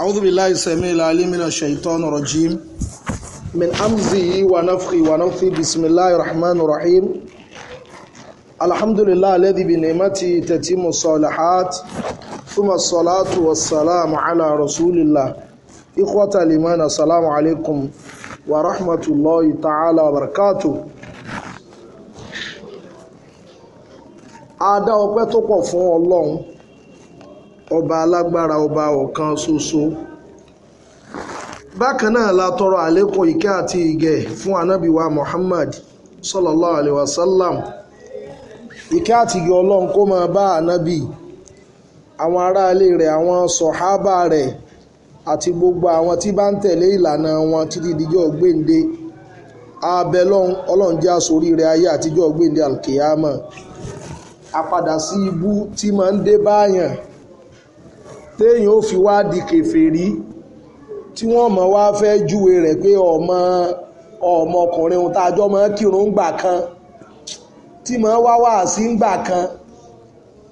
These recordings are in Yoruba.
أعوذ بالله السميع العليم من الشيطان الرجيم من أمزه ونفخه ونفثه بسم الله الرحمن الرحيم الحمد لله الذي بنعمته تتم الصالحات ثم الصلاة والسلام على رسول الله إخوة الإيمان السلام عليكم ورحمة الله تعالى وبركاته a dá ọpẹ́ tó ọba alágbára ọba ọ̀kan ṣoṣo bákan náà la tọrọ àlékún ìkẹ́ àti ìgẹ̀ fún ànábì Muhammad sallallahu alayhi wa sallam ìkẹ́ àti ìgẹ̀ ọlọ́run kó máa bá ànábì àwọn aráalé rẹ̀ àwọn sọ̀hábà rẹ̀ àti gbogbo àwọn tí bá ń tẹ̀lé ìlànà wọn títí dijọ́ gbéǹde abẹ́lọ́hún ọlọ́run jẹ́ àsorí rẹ̀ ayé àtijọ́ gbéǹde alkiyama àpadà sí ibú tí máa ń dé báyàn téèyàn ó fi wá di kèfèrí tí wọ́n mọ̀ wá fẹ́ júwe rẹ̀ pé ọmọ ọmọkùnrin ohun tá a jọ máa kírun gbà kan tí máa wá wá sí gbà kan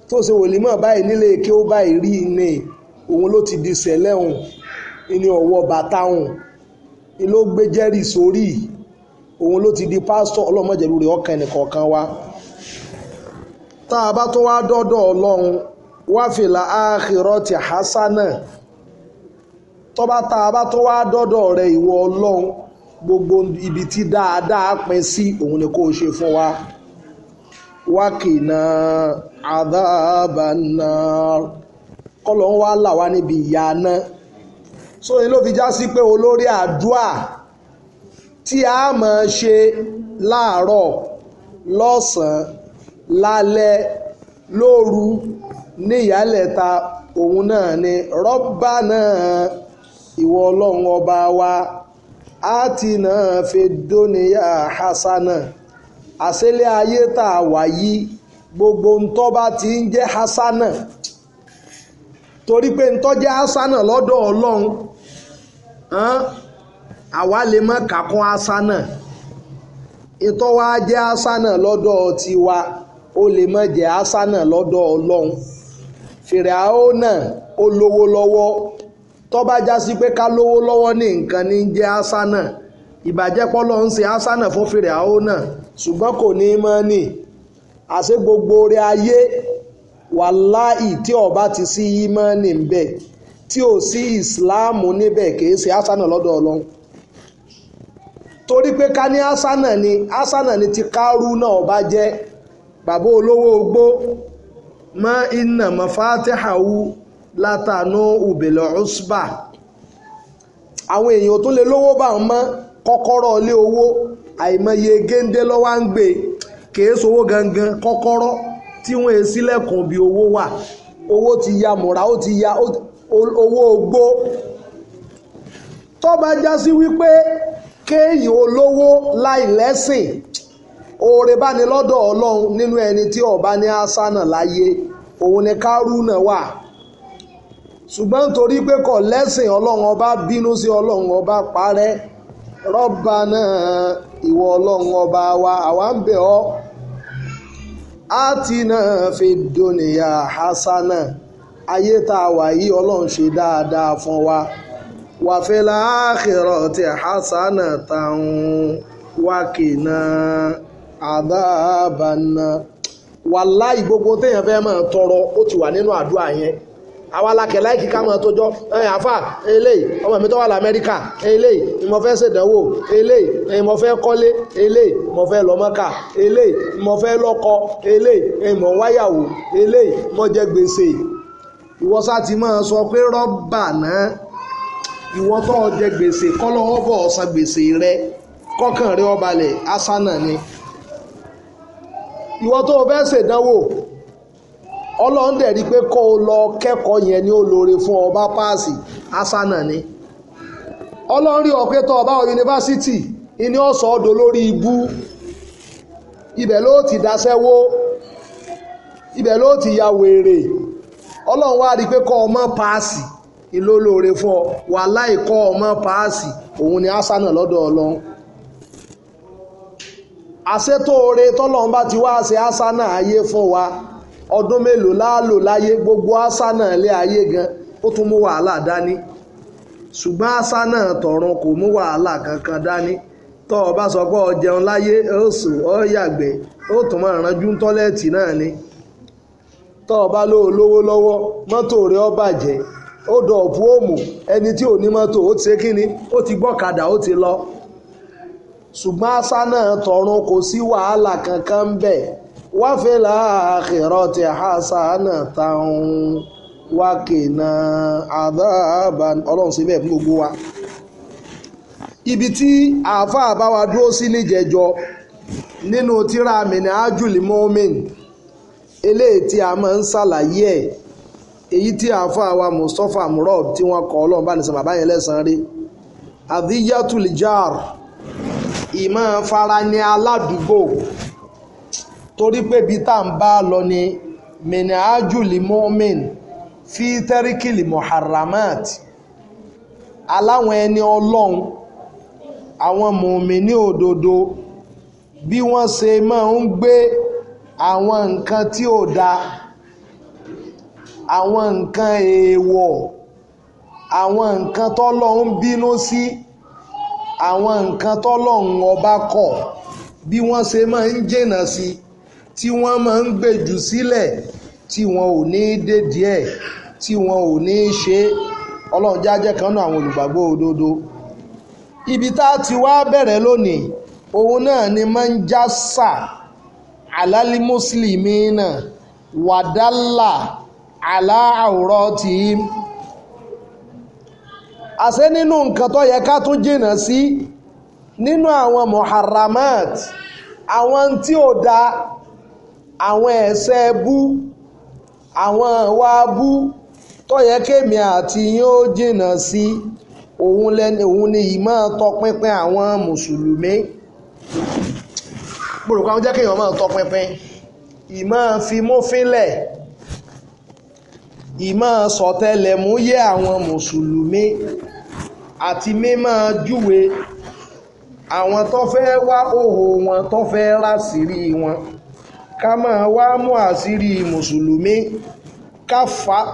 tó ṣe wòlímọ̀ báyìí nílé kí ó báyìí rí ní òun ló ti di sẹ́lẹ̀hùn ní ọwọ́ bàtàhùn ni ló gbé jẹ́rìí sórí òun ló ti di pásítọ̀ ọlọ́mọjẹ̀lú rẹ̀ ọkàn ẹnìkọ̀ọ̀kan wa tá a bá tó wá dọ́dọ̀ ọlọ́run wáfìlà áàkìrọ̀tì hasana tọ́ba tá a bá tó wá dọ́dọ̀ rẹ ìwọ ọlọ́run gbogbo ibi tí dáadáa pín sí òun ni kò ṣe fún wa wákìnà àdábànà kọ́lọ̀ ń wá là wá níbi ìyá náà ló fi já sí pé olórí àdúà tí a máa ṣe láàárọ̀ lọ́sàn-án lálẹ́ lóru ní ìyálẹ̀ta òun náà ni rọ́bà náà ìwọ ọlọ́run ọba wa a ti náà fi dóníyà hasana àṣẹlẹ̀ ayé tá a wà yìí gbogbo ntọ́ bá ti ń jẹ́ hasana torí pé ntọ́ jẹ́ hasana lọ́dọ̀ ọlọ́run àwa lè má kàkún hasana ntọ́ wa jẹ́ hasana lọ́dọ̀ tiwa ó lè má jẹ́ hasana lọ́dọ̀ ọlọ́run. fìràó náà ó lówó lọ́wọ́ tó bá pé ká lówó lọ́wọ́ ní nǹkan ní jẹ́ asánà ìbàjẹ́pọ̀ ló ń ṣe asánà fún fìràó ṣùgbọ́n kò ní mọ́ ni àṣẹ gbogbo orí ayé láì tí ọba ti sí yímọ́ ní bẹ́ẹ̀ tí ò sí ìsìláàmù níbẹ̀ kìí ṣe lọ́dọ̀ ọlọ́run torí ni ni ti náà ọba jẹ́ bàbá ma inna mafatihahu látànú òbèlè usba àwọn èèyàn tó lè lówó bá wọn mọ́ kọ́kọ́rọ́ ilé owó àìmọye géńdé lọ́wọ́ ń gbé kìí sowó gangan kọ́kọ́rọ́ tí wọ́n èé sílẹ̀kùn bí owó wà owó ti ya mọ̀ra ó ti ya owó ogbó tó bá já sí wípé kéèyàn olówó láì lẹ́sìn oore bá ní lọ́dọ̀ ọlọ́run nínú ẹni tí ọba ní asánà láyé òun ni kárúnà wà ṣùgbọ́n torí pé kò lẹ́sìn ọlọ́run ọba bínú sí ọlọ́run ọba parẹ́ rọ́bà náà ìwọ ọlọ́run ọba wa àwa ń bẹ̀ ọ́ á ti náà fi dòníyà hasana ayé tá a wà yí ọlọ́run ṣe dáadáa fún wa wàfẹ́lá àkèrò tí hasana táwọn wákìí náà àdáàbànà wàláì gbogbo téèyàn fẹ́ máa tọrọ ó ti wà nínú àdúrà yẹn àwa alákẹ̀ láìkí ká máa tọjọ́ ẹ̀yìn àfà eléyìí ọmọ mi tó wà l'Amẹ́ríkà eléyìí mo fẹ́ ṣèdánwò eléyìí mo fẹ́ kọ́lé eléyìí mo fẹ́ lọ́mọ́kà eléyìí mo fẹ́ lọ́kọ eléyìí mo wáyàwó eléyìí mo jẹ gbèsè ìwọ sá ti máa sọ pé rọ́bà náà ìwọ tó jẹ gbèsè kọ́lọ́wọ́ bọ̀ ọ̀sán gbèsè rẹ kọ́kàn rẹ ó balẹ̀ asánà ni. ìwọ tó o fẹ́ ṣèdánwò ọlọ́run dẹ̀ rí i pé kó o lọ kẹ́kọ̀ọ́ yẹn ni ó fún ọba páàsì asana ni ọlọ́run rí ọba yunifásitì ìní ọ̀sọ̀ ọdọ̀ lórí ibú ibẹ̀ ló ti daṣẹ́wó ibẹ̀ ló ti ya wèrè ọlọ́run wá rí páàsì fún ọ páàsì àṣetò oore tọ́lọ́run bá ti wá ṣe náà ayé fún wa ọdún mélòó láàlò láyé gbogbo náà lé ayé gan ó tún mú wàhálà dání ṣùgbọ́n náà tọ̀run kò mú wàhálà kankan dání tọ́ ọ bá sọ pé ọ jẹun láyé ó sùn yàgbẹ́ ni tọ́ ọ bá lówó lówó lọ́wọ́ mọ́tò rẹ bàjẹ́ ó ti ṣe ó ti gbọ́kadà ó ti lọ. ṣùgbọ́n àṣà náà tọ̀run kò sí wàhálà kankan bẹ́ẹ̀ wá fi láàkìrọ̀ tí hasana táwọn wá kìnà àdáàbà ọlọ́run síbẹ̀ fún gbogbo wa. ibi tí àáfàá bá wa dúró sí níjẹjọ nínú tíra mìíní ájúlì mọ́mìn eléyìí tí a máa ń ṣàlàyé ẹ̀ èyí tí àáfàá wa Mustapha Murad tí wọ́n kọ́ ọlọ́run bá nìsan bàbá yẹn lẹ́sàn-án rí àdíyàtúlìjáàrù ìmọ̀ fara ní aládùúgbò torí pé bí tá à ń bá lọ ni minahajuli mu'min fi tẹ́ríkìlì muharramat aláwọn ẹni ọlọ́run àwọn mùmíní òdodo bí wọ́n ṣe máa ń gbé àwọn nǹkan tí ò da àwọn nǹkan èèwọ̀ àwọn nǹkan tọ́lọ́run bínú sí. Si àwọn nǹkan tọ́lọ́run ọba kọ̀ bí wọ́n ṣe máa ń jìnnà sí tí wọ́n máa ń gbèjù sílẹ̀ tí wọn ò ní dédìí ẹ̀ tí wọn ò ní ṣe ọlọ́run jájẹ́ kan náà àwọn olùgbàgbọ́ òdodo ibi tá a ti wá bẹ̀rẹ̀ lónìí òun náà ni máa ń já sà àlálí mùsùlùmí náà wàdálà àlá àwòrán tìí àṣẹ nínú nǹkan tó yẹ ká tún jìnnà sí nínú àwọn muharramat àwọn tí ò da àwọn ẹ̀ṣẹ̀ bú àwọn ìwà bú tó yẹ kémi àti yín ó jìnnà sí òun lẹ́ni òun ni ìmọ̀ tọpinpin àwọn mùsùlùmí gbòròkó àwọn jẹ́ kéèyàn máa tọpinpin ìmọ̀ fimófínlẹ̀ ìmọ̀ sọ̀tẹlẹ̀múyẹ́ àwọn mùsùlùmí àti mímọ́ júwe àwọn tó fẹ́ wá òhò wọn tó fẹ́ ráṣírí wọn ká máa wá mú àṣírí mùsùlùmí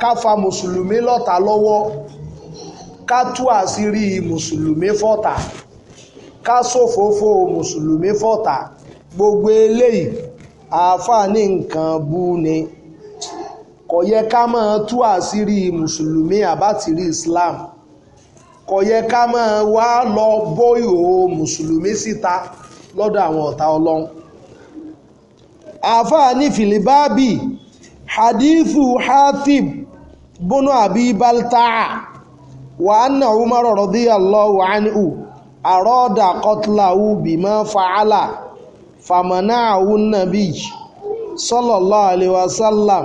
ká fa mùsùlùmí lọ́ta lọ́wọ́ ká tú àṣírí mùsùlùmí fọ́ta ká ṣòfófó mùsùlùmí fọ́ta gbogbo eléyìí àáfàá ní nǹkan bú ni kò yẹ ká máa tú àṣírí mùsùlùmí àbátìrí Islam kò yẹ ká máa wá lọ bó ìhòòhò mùsùlùmí síta lọ́dọ̀ àwọn ọ̀tá ọlọ́run àáfàá ní fìlíbáàbì hadithu hatib bónú àbí baltaa wà á nà umar radiyallahu anhu àrọ́dà kọtláwù bímọ fàálà fàmọ́nàáwù nàbí sallallahu alaihi wasallam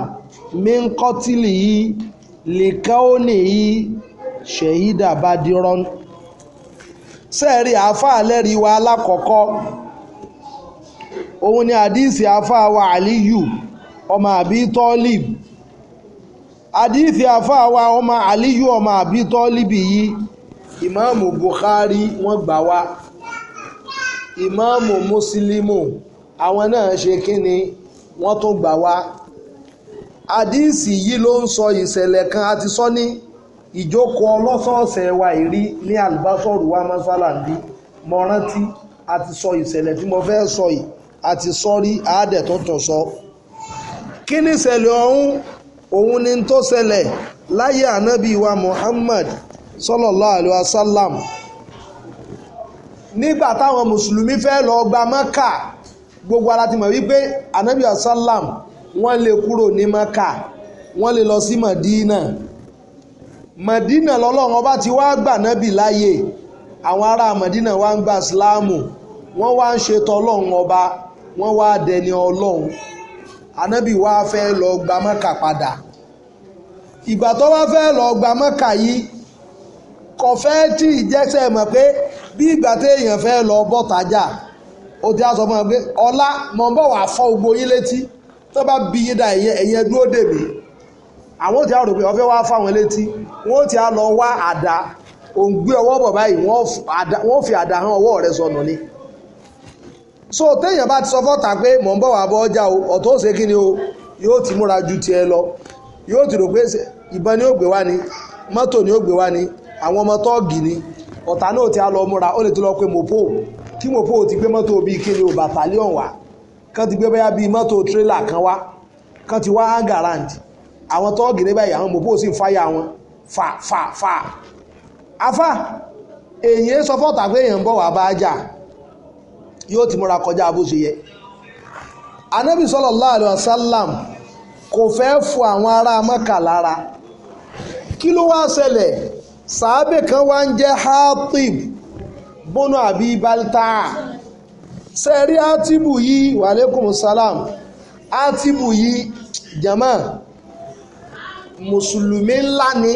min kọtìlì yìí lìkọ́ọ̀nì yìí ṣèyídà bàdírọ́n sẹ́ẹ̀rí àáfàá lẹ́rìí wa alákọ̀ọ́kọ́ òun ni àdíìsì àáfàá wa àlíyù ọmọ àbí tọ́lìb àdíìsì àáfàá wa ọmọ àlíyù ọmọ àbí tọ́lìb yìí ìmáàmù Bukhari wọ́n gbà wá ìmáàmù Muslimu àwọn náà ṣe kíni wọ́n tún gbà wá àdíìsì yìí ló ń sọ ìṣẹ̀lẹ̀ kan àti sọ So ìjókòó ọlọ́sọ̀ọ̀sẹ̀ wa ìrí ní àlùbásọ̀rù wa mọ́sálà ń bí mo rántí a ti sọ ìṣẹ̀lẹ̀ tí mo fẹ́ sọ yìí a ti sọ rí àádẹ́ tó tọ̀ sọ. kí ni ìṣẹ̀lẹ̀ ọ̀hún òun ni tó ṣẹlẹ̀ láyé ànábì wa Muhammad sallallahu alaihi wasallam nígbà táwọn mùsùlùmí fẹ́ lọ gba Mẹ́kà gbogbo ara ti mọ̀ wípé ànábì wa sallam wọ́n lè kúrò ní Mẹ́kà wọ́n lè lọ sí Màdínà. Mẹ̀dínà lọ́lọ́run ọba ti wá gbà nábì láyè àwọn ará Mẹ̀dínà wá ń gba Ìsìláàmù wọ́n wá ń ṣe tọlọ́run ọba wọ́n wá dẹni ọlọ́run ànábì wá fẹ́ lọ gba Mẹ́kà padà ìgbà tó wá fẹ́ lọ gba Mẹ́kà yìí kò fẹ́ tí ìjẹ́sẹ̀ mọ̀ pé bí ìgbà téèyàn fẹ́ lọ bọ́tajà ó ti á sọ pé ọlá mọ̀ ń bọ̀ wá fọ́ gbogbo yín létí tó bá bí yín dá ẹ̀yẹ dúró dèmí àwọn ò ti àrò pé ọ̀fẹ́ wá fáwọn létí wọ́n ò ti à lọ wá àdá òǹgbé ọwọ́ bọ̀ báyìí wọ́n fi àdá hàn ọwọ́ rẹ̀ sọnù ni so téèyàn bá ti sọ fọ́ta pé mọ̀ ń bọ̀ wá bọ́ ọjà o ọ̀tọ̀ ó ṣe kí ni o yóò ti múra ju tiẹ̀ lọ yóò ti rò pé ìbọn ni ó gbé wá ni mọ́tò ni ó gbé wá ni àwọn ọmọ tọ́ọ̀gì ni ọ̀tá náà ti á lọ múra ó lè ti lọ pé mopo kí mopo ti gbé mọ́tò bíi kí ni o bàtàlíọ̀n wá kán ti gbé bẹ́yà bíi mọ́tò tírélà kan wá kán ti wá hangarand àwọn tọ́ọ̀gì níbẹ̀ yìí àwọn mọ̀pọ̀ sì ń fáyà wọn fà fà fà afá èyí sọ fọ́ta pé èèyàn ń bọ̀ wá bá jà yóò ti múra kọjá bó ṣe yẹ anábì sallallahu alaihi wasallam kò fẹ́ fọ àwọn ará Mẹ́kà lára kí ló wá ṣẹlẹ̀ sàábẹ̀ kan wá ń jẹ́ Hatib bọ́nà àbí balta sẹ́rí átìbù yìí wàlékùn salam átìbù yìí jama mùsùlùmí ńlá ni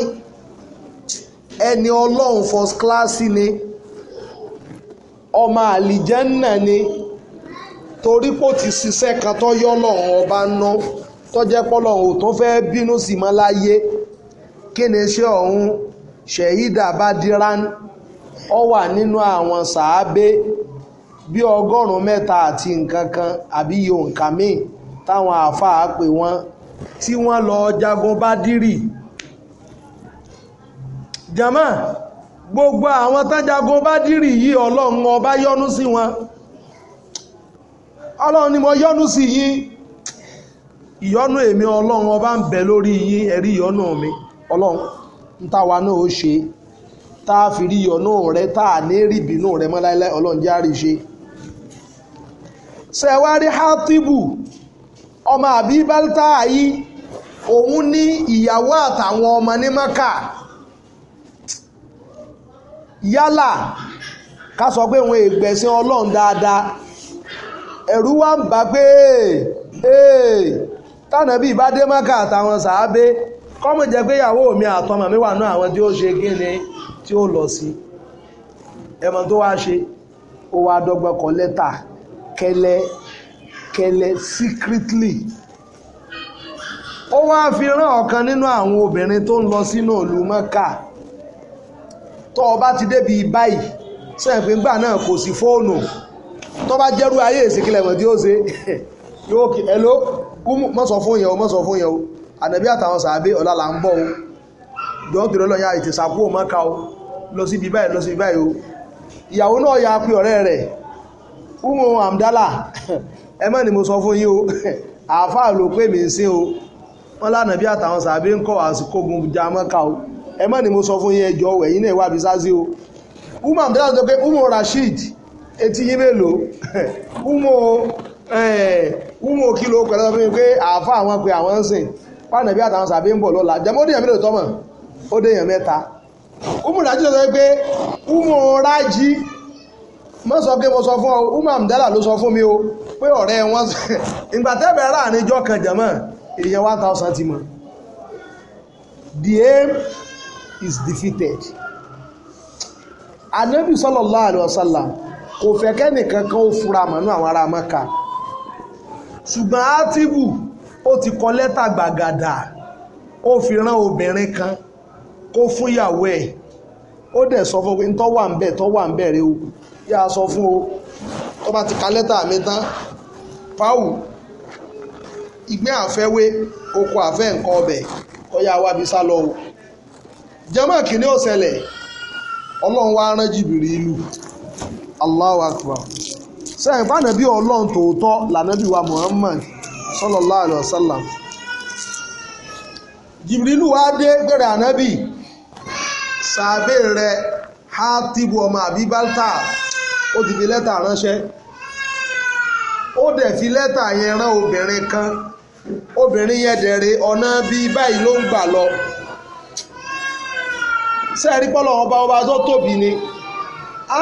ẹni ọlọ́run first class ni ọmọ àlìjẹ́nà ni torí kò ti ṣiṣẹ́ kan tó yọ lọ́run ọba ná tó jẹ́ ò tó fẹ́ bínú sí mọ́ láyé kí ni ṣé ọ̀hún ṣèyídà badiran ó wà nínú àwọn sàábé bí ọgọ́rùn-ún mẹ́ta àti nǹkan kan àbí yòǹkà míì táwọn àáfàá pè wọ́n tí wọ́n lọ jagun Bádírì jama gbogbo àwọn bá Bádírì yìí ọlọ́run ọba yọ́nú sí wọn ọlọ́run ni mo yọ́nú sí yín ìyọ́nú èmi ọlọ́run ọba ń bẹ̀ lórí yín ẹ̀rí ìyọ́nú mi ọlọ́run ń wa náà ó ṣe tá a fi rí rẹ tá a ní rí ìbínú rẹ mọ́ ọlọ́run jẹ́ ṣẹ̀wárí ọmọ àbí bálítà ayí òun ní ìyàwó àtàwọn ọmọ ní maka yálà ká sọ pé òun ègbẹ̀sìn ọlọ́run dáadáa ẹ̀rú wa ń bá pé tànàbí bá dé maka àtàwọn sàábé kọ́mọ̀ jẹ́ pé ìyàwó mi àtọmọ mi wà náà àwọn tí ó ṣe kí ni tí ó lọ sí ẹ̀mọ̀ tó wá ṣe ó wá dọ́gbọ́n lẹ́tà kẹlẹ́ kẹlẹ secretly ó wáá fi rán ọ̀kan nínú àwọn obìnrin tó ń lọ sínú ìlú Mẹ́kà tó o bá ti débi báyìí sẹ́yìn gbà náà kò sí fóònù tó bá jẹ́rú ayé ìsìnkìlẹ̀ mọ̀ tí ó ṣe yóò kí hello mọ́ sọ fún yẹn o mọ́ sọ fún yẹn o ànàbí àtàwọn sàábé ọ̀la là ń bọ̀ o jọ́n tèrè lọ́yà ètè sàkó o mọ́ka o lọ sí ibi báyìí lọ sí ibi báyìí o ìyàwó náà ya pé ọ̀rẹ́ rẹ̀ umu amdala ẹ ni mo sọ fún yín o àáfàá ló pè mí sí o wọ́n lánà bí àtàwọn sàbí ń kọ́ àsìkògùn jamaica o ẹ ni mo sọ fún yín ẹjọ́ ẹ̀yìn náà wà bí sáàsì o umu abdullahi sọ pé umu rasheed etí yín mélòó umu umu kìlọ̀ pẹ̀lú ọ̀fẹ́ mi pé àáfàá àwọn pé àwọn ń sìn pàànà bí àtàwọn sàbí ń bọ̀ lọ́la jẹ́mọ́ má sọ pé mo sọ fún ọ Umar Abdallah ló sọ fún mi o pé ọ̀rẹ́ wọn ìgbà tẹ́bẹ̀rẹ̀ láàrin ìjọ kan jẹ̀mọ́ èèyàn one thousand ti mọ̀ the aim is defeated anabi sallallahu alayhi wa kò fẹ́ kẹ́nìkan kan ó fura mọ́nú àwọn ará mọ́ka ṣùgbọ́n átíbù ó ti kọ lẹ́tà gbàgàdà ó fi rán obìnrin kan kó fún ìyàwó ẹ̀ ó dẹ̀ sọ fún pé ń wà ń bẹ̀ tọ́ wà ń bẹ̀ rẹ o yá a sọ fún o tó bá ti ka lẹ́tà mi tán fáwù ìgbẹ́ àfẹ́wé oko àfẹ́ nǹkan ọbẹ̀ kọ́yá wa o jẹ́mọ́ kìíní ọlọ́run wá rán jìbìrì ìlú Allahu Akbar sẹ́yìn wa Muhammad sallallahu alaihi wasallam jìbìrì ìlú wa dé bẹ̀rẹ̀ ànábì sàbẹ̀ rẹ̀ ọmọ àbí ó ti fi lẹ́tà ránṣẹ́ ó dẹ̀ fi lẹ́tà yẹn rán obìnrin kan obìnrin yẹn dẹ̀rẹ̀ ọ̀nà bíi báyìí ló ń gbà lọ sẹ́ẹ̀rí pọ́lọ̀ ọba ọba tó tóbi ni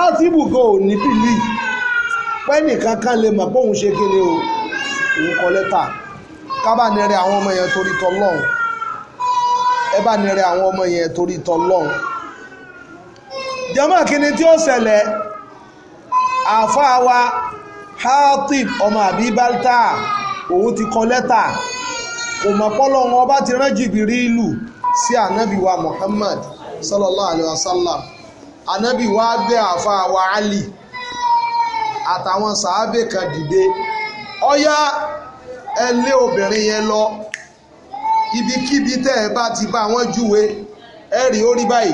átìbùgọ́ ò ní bìlì pẹ́nìkan kan lè mọ̀ póun ṣe kí ni o òun kọ lẹ́tà kábàánirẹ̀ àwọn ọmọ yẹn torí tọ́lọ́hún ẹ bá nírẹ̀ àwọn ọmọ yẹn torí tọ́lọ́hún jẹ́mọ́ kí ni tí ó ṣẹlẹ̀ àáfàá wa Hatib ọmọ àbí balta òun ti kọ lẹ́tà kò mọ̀ pọ́lọ́ wọn ọba ti rán Jìbìrìlù sí ànábì wa Muhammad sallallahu alayhi wa sallam ànábì wa bẹ̀ Ali àtàwọn sàábẹ̀ kan dìde ọ̀yá ẹ obìnrin yẹn lọ ibikíbi tẹ́ ẹ bá ti bá wọn júwe ẹ rí ó báyìí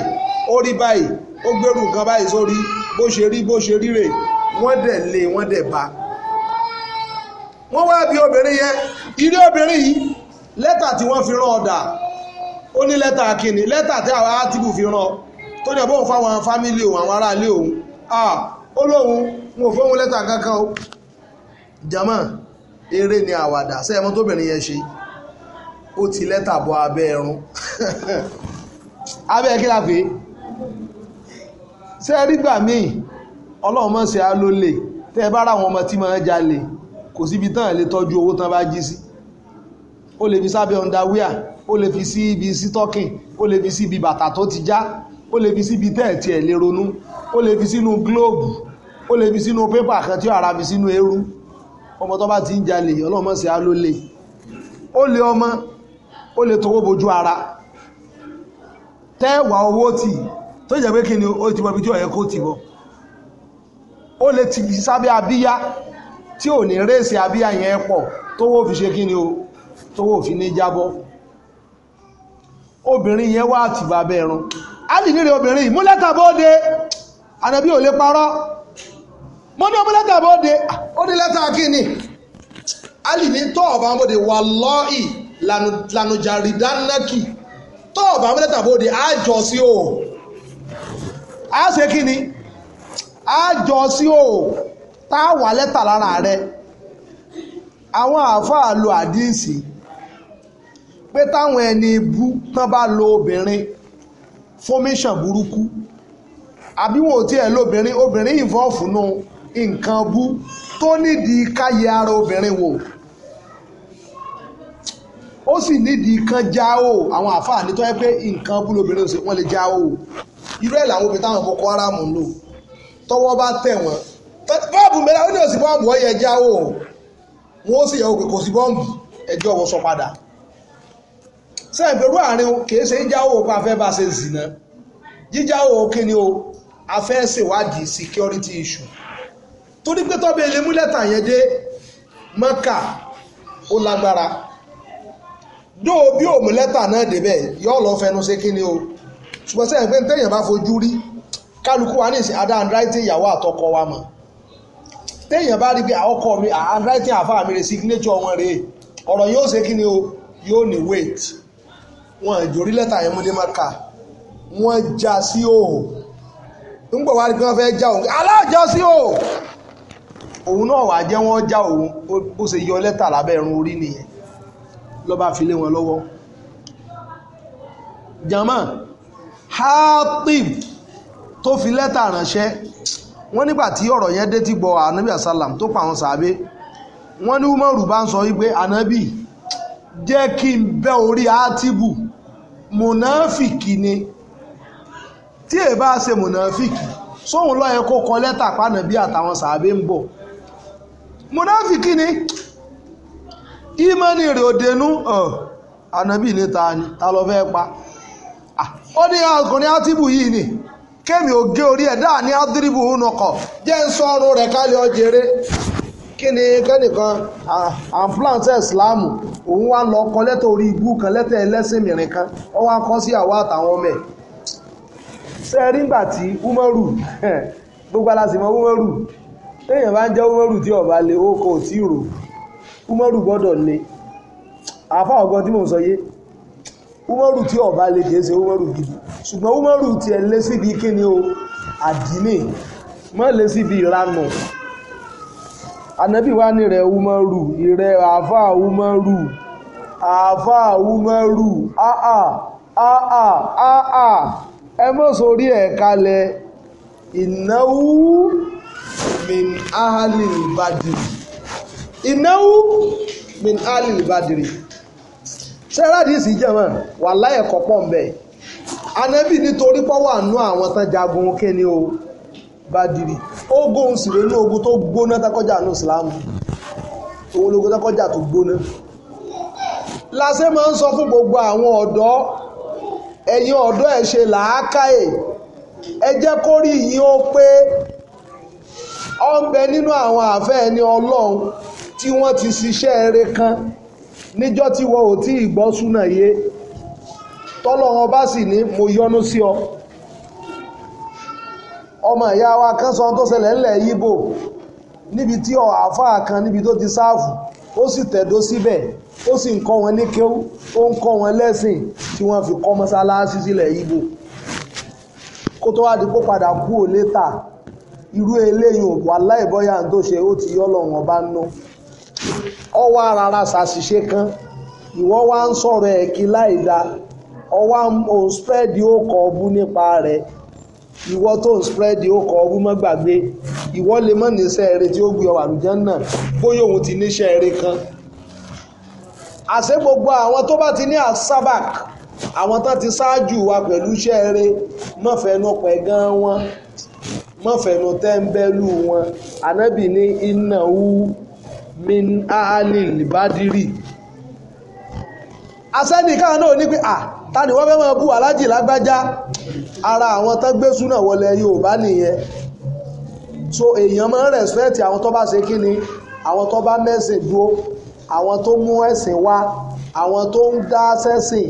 ó báyìí ó gbẹ́rù nǹkan báyìí sórí bó ṣe rí bó ṣe rí rèé wọ́n dẹ̀ lé wọ́n dẹ̀ bá wọ́n wá bí obìnrin yẹn ilé obìnrin yìí lẹ́tà tí wọ́n fi rán ọ̀dà ó ní lẹ́tà kìíní lẹ́tà tí àwọn átìbù fi rán tó ní ọ̀bọ̀n fáwọn fámílì òun àwọn aráalé òun ó lóun wọn ò fóun lẹ́tà kankan o jama eré ni àwàdà sẹ́yìn mọ́ tóbìnrin yẹn ṣe ó ti lẹ́tà bọ́ abẹ́ ẹrun abẹ́ kí la pè é sẹ́ẹ̀rígbà míì ọlọ́run mọ̀ sí alólè tẹ́ ẹ bá ra àwọn ọmọ tí máa ń jalè kò síbi tán lè tọ́jú owó tán bá jí sí ó lè fi sábẹ́ ọ̀ndàwíà ó lè fi sí ibi sítọ́kìn ó lè fi sí ibi bàtà tó ti já ó lè fi síbi tẹ́ ẹ̀ lè ronú ó lè fi sínú gílóòbù ó lè fi sínú pépà kan tí ara fi sínú eérú ọmọ tó bá ti ń jalè ọlọ́run mọ̀ sí alólè ó lè ọmọ ó lè tọwọ́ bojú ara tẹ́wàá owó tì tó jẹ́ pé kí ni ó ti bọ́ ibi tí ọ̀yẹ́ kó ti bọ́ ó lè ti fi sábẹ́ abíyá tí ò ní rèsì abíyá yẹn pọ̀ tówó fi ṣe kí ni o tówó fi ní jábọ́ obìnrin yẹn wá àtìgbà bẹ́ẹ̀rún alì nílé obìnrin ìmúlẹ́ta bóde ànàbí ò lè parọ́ mo ní ọmọlẹ́ta bóde ó ní lẹ́ta kí ni alì ní tọ́ ọ̀bà bóde wà lọ́ọ̀ì lànàjàrí dánákì tọ́ ọ̀bà ọmọlẹ́ta bóde àjọ sí o a ṣe kí ni àjọ sí o tá a wà lẹ́tà lára rẹ, àwọn àáfàá lo àdíìsì pé táwọn ẹni ibú tán bá lo obìnrin fọmíṣàn burúkú àbí wọn ò lóbìnrin obìnrin ìfọ́ọ̀fù nǹkan bú tó nídìí káyé ara obìnrin wò ó sì nídìí kan jáwó àwọn awọn nítorí pé nǹkan bú lóbìnrin wọ́n lè jáwó irú ẹ̀ làwọn obìnrin táwọn lò. tọ́wọ́ bá tẹ̀ wọ́n bọ́ọ̀bù mẹ́ta ó ní òsì bọ́ọ̀bù ọ̀yẹ̀ ẹja o wọ́n ó sì yẹ òkè kò sí bọ́ọ̀bù ẹjọ́ wọ́n sọ padà sẹ́yìn pẹ̀lú àárín kìí ṣe jíjáwó pa afẹ́ bá ṣe zìnà jíjáwó kí ni o afẹ́ ṣèwádìí security issue torí pé tọ́bẹ̀ ilé múlẹ̀tà yẹn dé mọ́kà ó lágbára dóò bí òmùlẹ́tà náà débẹ̀ yọ́ lọ fẹnu ṣe kí ni o ṣùgbọ́n sẹ́yìn pé tẹ́yìn bá fojú rí kálukú wa ní ìsìn adá handwriting ìyàwó àtọkọ wa mọ̀ téèyàn bá rí pé ọkọ mi handwriting àfa mi rè signature wọn rèé ọ̀rọ̀ yóò ṣe kí ni o yóò ní wait wọn ìjòrí lẹ́tà yẹn múlé má kà wọ́n já sí òhò ńgbọ̀ wá rí pé wọ́n fẹ́ já òun aláàjọ sí òhò òun náà wàá jẹ́ wọ́n já òun bó ṣe yọ lẹ́tà lábẹ́ irun orí nìyẹn ló bá fi lé wọn lọ́wọ́ jama hatib tó fi lẹ́tà ránṣẹ́ wọ́n nígbà tí ọ̀rọ̀ yẹn dé ti gbọ́ ànábì àsálàm tó pa àwọn sàábé wọ́n ní umaru bá ń sọ wípé ànábì jẹ́ kí n bẹ́ orí átíbù mùnáfìkì ni tí èyí bá ṣe mùnáfìkì sóhun ló yẹ kó kọ lẹ́tà pànàbí àtàwọn sàábé ń bọ̀ mùnáfìkì ni ìmọ̀ni rè òdenu ànábì ní ta ni ta ló fẹ́ pa ó ní ọkùnrin átíbù yìí ni. kémi ò orí ẹ̀ e, dáa ní ádírìbù nùkọ̀ jẹ́ ń ọrùn rẹ̀ kálí ọjẹ́rẹ́ kí ni kẹ́nìkan àǹfúlàǹsẹ̀ ìsìláàmù òun wá lọ kọ lẹ́tọ̀ orí Igbú kan lẹ́tọ̀ ẹlẹ́sìn mìíràn kan ọ wá kọ́ sí àwa àtàwọn ọmọ ẹ̀ ṣe rí ngbà tí Umaru gbogbo alásìmọ̀ Umaru téèyàn bá ń jẹ́ Umaru tí ọba lè ó kò tí rò Umaru gbọ́dọ̀ lè àfáà ọgbọ́n tí mò ń sọ yé umaru tí ọba lè kìí ṣe umaru gidi ṣùgbọ́n umaru tí ẹ lé síbi kíni o àdínì mọ́ lé síbi ìranù anabi wa ni rẹ̀ umaru ìrẹ̀ àfa umaru àfa umaru áà áà áà ẹ mọ́ sórí ẹ̀ kalẹ̀ ìnáwó min ahalil badiri ìnáwó min ahalil badiri sẹ́ràdìsì jẹ́mọ̀ wà láyẹ̀kọ́ pọ̀ ń bẹ̀ anabi nítorí pọ́wọ́ àánú àwọn tán jagun kéne o bá dìrì ogun sì lè ní ogun tó gbóná tákọ́jà ní ìsìlámù owó lógun tákọ́jà tó gbóná lásẹ̀ máa ń sọ fún gbogbo àwọn ọ̀dọ́ ẹ̀yin ọ̀dọ́ ẹ̀ ṣe làákàyè ẹ jẹ́ kó rí yín ó pé ó ń bẹ nínú àwọn àfẹ́ ẹni ọlọ́run tí wọ́n ti ṣiṣẹ́ eré kan níjọ́ tí wọ́n ò tí ìgbọ́ súnà yé tọ́lọ́run bá sì ní mo yọ́nú sí ọ ọmọ ìyá wa kan sọ tó ṣẹlẹ̀ ńlẹ̀ yíbò níbi tí ọ àfáà kan níbi tó ti sáàfù ó sì tẹ̀dó síbẹ̀ ó sì ń kọ́ wọn ní kéwú ó ń kọ́ wọn lẹ́sìn tí wọ́n fi kọ́ mọ́sálásí sílẹ̀ yíbò kó tó wá di kó padà kú ò létà irú eléyìí wàláì bọ́yà tó ṣe ó ti yọ́ lọ́wọ́n bá ń ná ọwọ́ arara ṣàṣìṣe kan ìwọ wá ń sọ̀rọ̀ ẹ̀ kí láì da ọwọ́ ò ń spread ó kọ ọbú nípa rẹ̀ ìwọ tó ń spread ó kọ ọbú mọ́ gbàgbé ìwọ lè mọ̀ níṣẹ́ eré tí ó gbé ọ àlùjẹ́ náà bóyá òun ti níṣẹ́ eré kan àṣẹ gbogbo àwọn tó bá ti ní asabak àwọn ti ṣáájú wa pẹ̀lú iṣẹ́ eré mọ̀fẹ́nu pẹ̀gàn wọn mọ̀fẹ́nu tẹ́ńbẹ́lú wọn ànábì ní iná wú min alil badiri asẹ́nìkan náà ní pé à ta ni wọ́n fẹ́ máa bú alájì lágbájá ara àwọn tán gbé súnà wọlé Yorùbá nìyẹn so èèyàn máa ń rẹ̀spẹ̀tì àwọn tó bá ṣe kí ni àwọn tó bá mẹ́sìn dúró àwọn tó mú ẹ̀sìn wá àwọn tó ń dá sẹ́sìn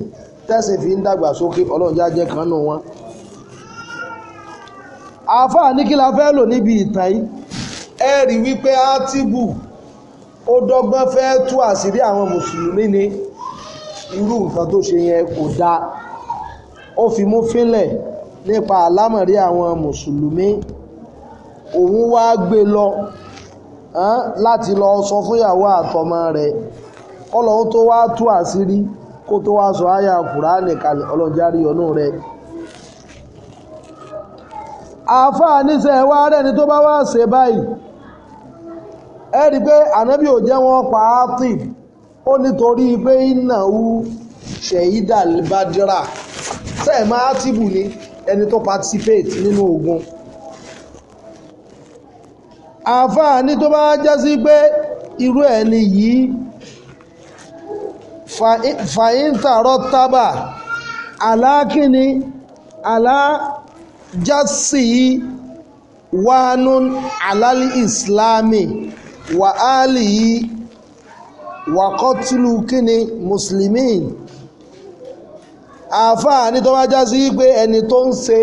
tẹ́sìn fi ń dàgbà sókè ọlọ́run já jẹ́ kan nù wọn. àáfàá ní kí la fẹ́ lò níbi ìtàn yìí ẹ rí wípé átíbù ó dọ́gbọ́n fẹ́ tú àṣírí àwọn mùsùlùmí ni irú nǹkan tó ṣe yẹn kò dáa ó fi mú fínlẹ̀ nípa àlámọ̀rí àwọn mùsùlùmí òun wá gbé lọ láti lọ sọ fúnyàwó àtọmọ rẹ̀ kọlọ́hún tó wá tú àṣírí kó tó wá sọ àyà kùránì kalẹ̀ ọlọ́jàrí ọ̀nù rẹ̀ àáfàá níṣẹ́ wa rẹ̀ ni tó bá wá ṣe báyìí ẹ rí i pé ànábì ò jẹ́ wọ́n pa á tì ó nítorí pé ìnáwó ṣèyídà bàdírà sẹ́ẹ̀mọ́ átìbù ni ẹni tó participate nínú ogun àǹfààní tó bá já sí pé irú ẹni yìí fàyíntàrọ tábà aláàkíní alájásí wánú alálì ìsìláàmì wà áàlì yìí wà kọ́tùlù kíni mùsùlùmí àáfàá ní tó bá já sí pé ẹni tó ń ṣe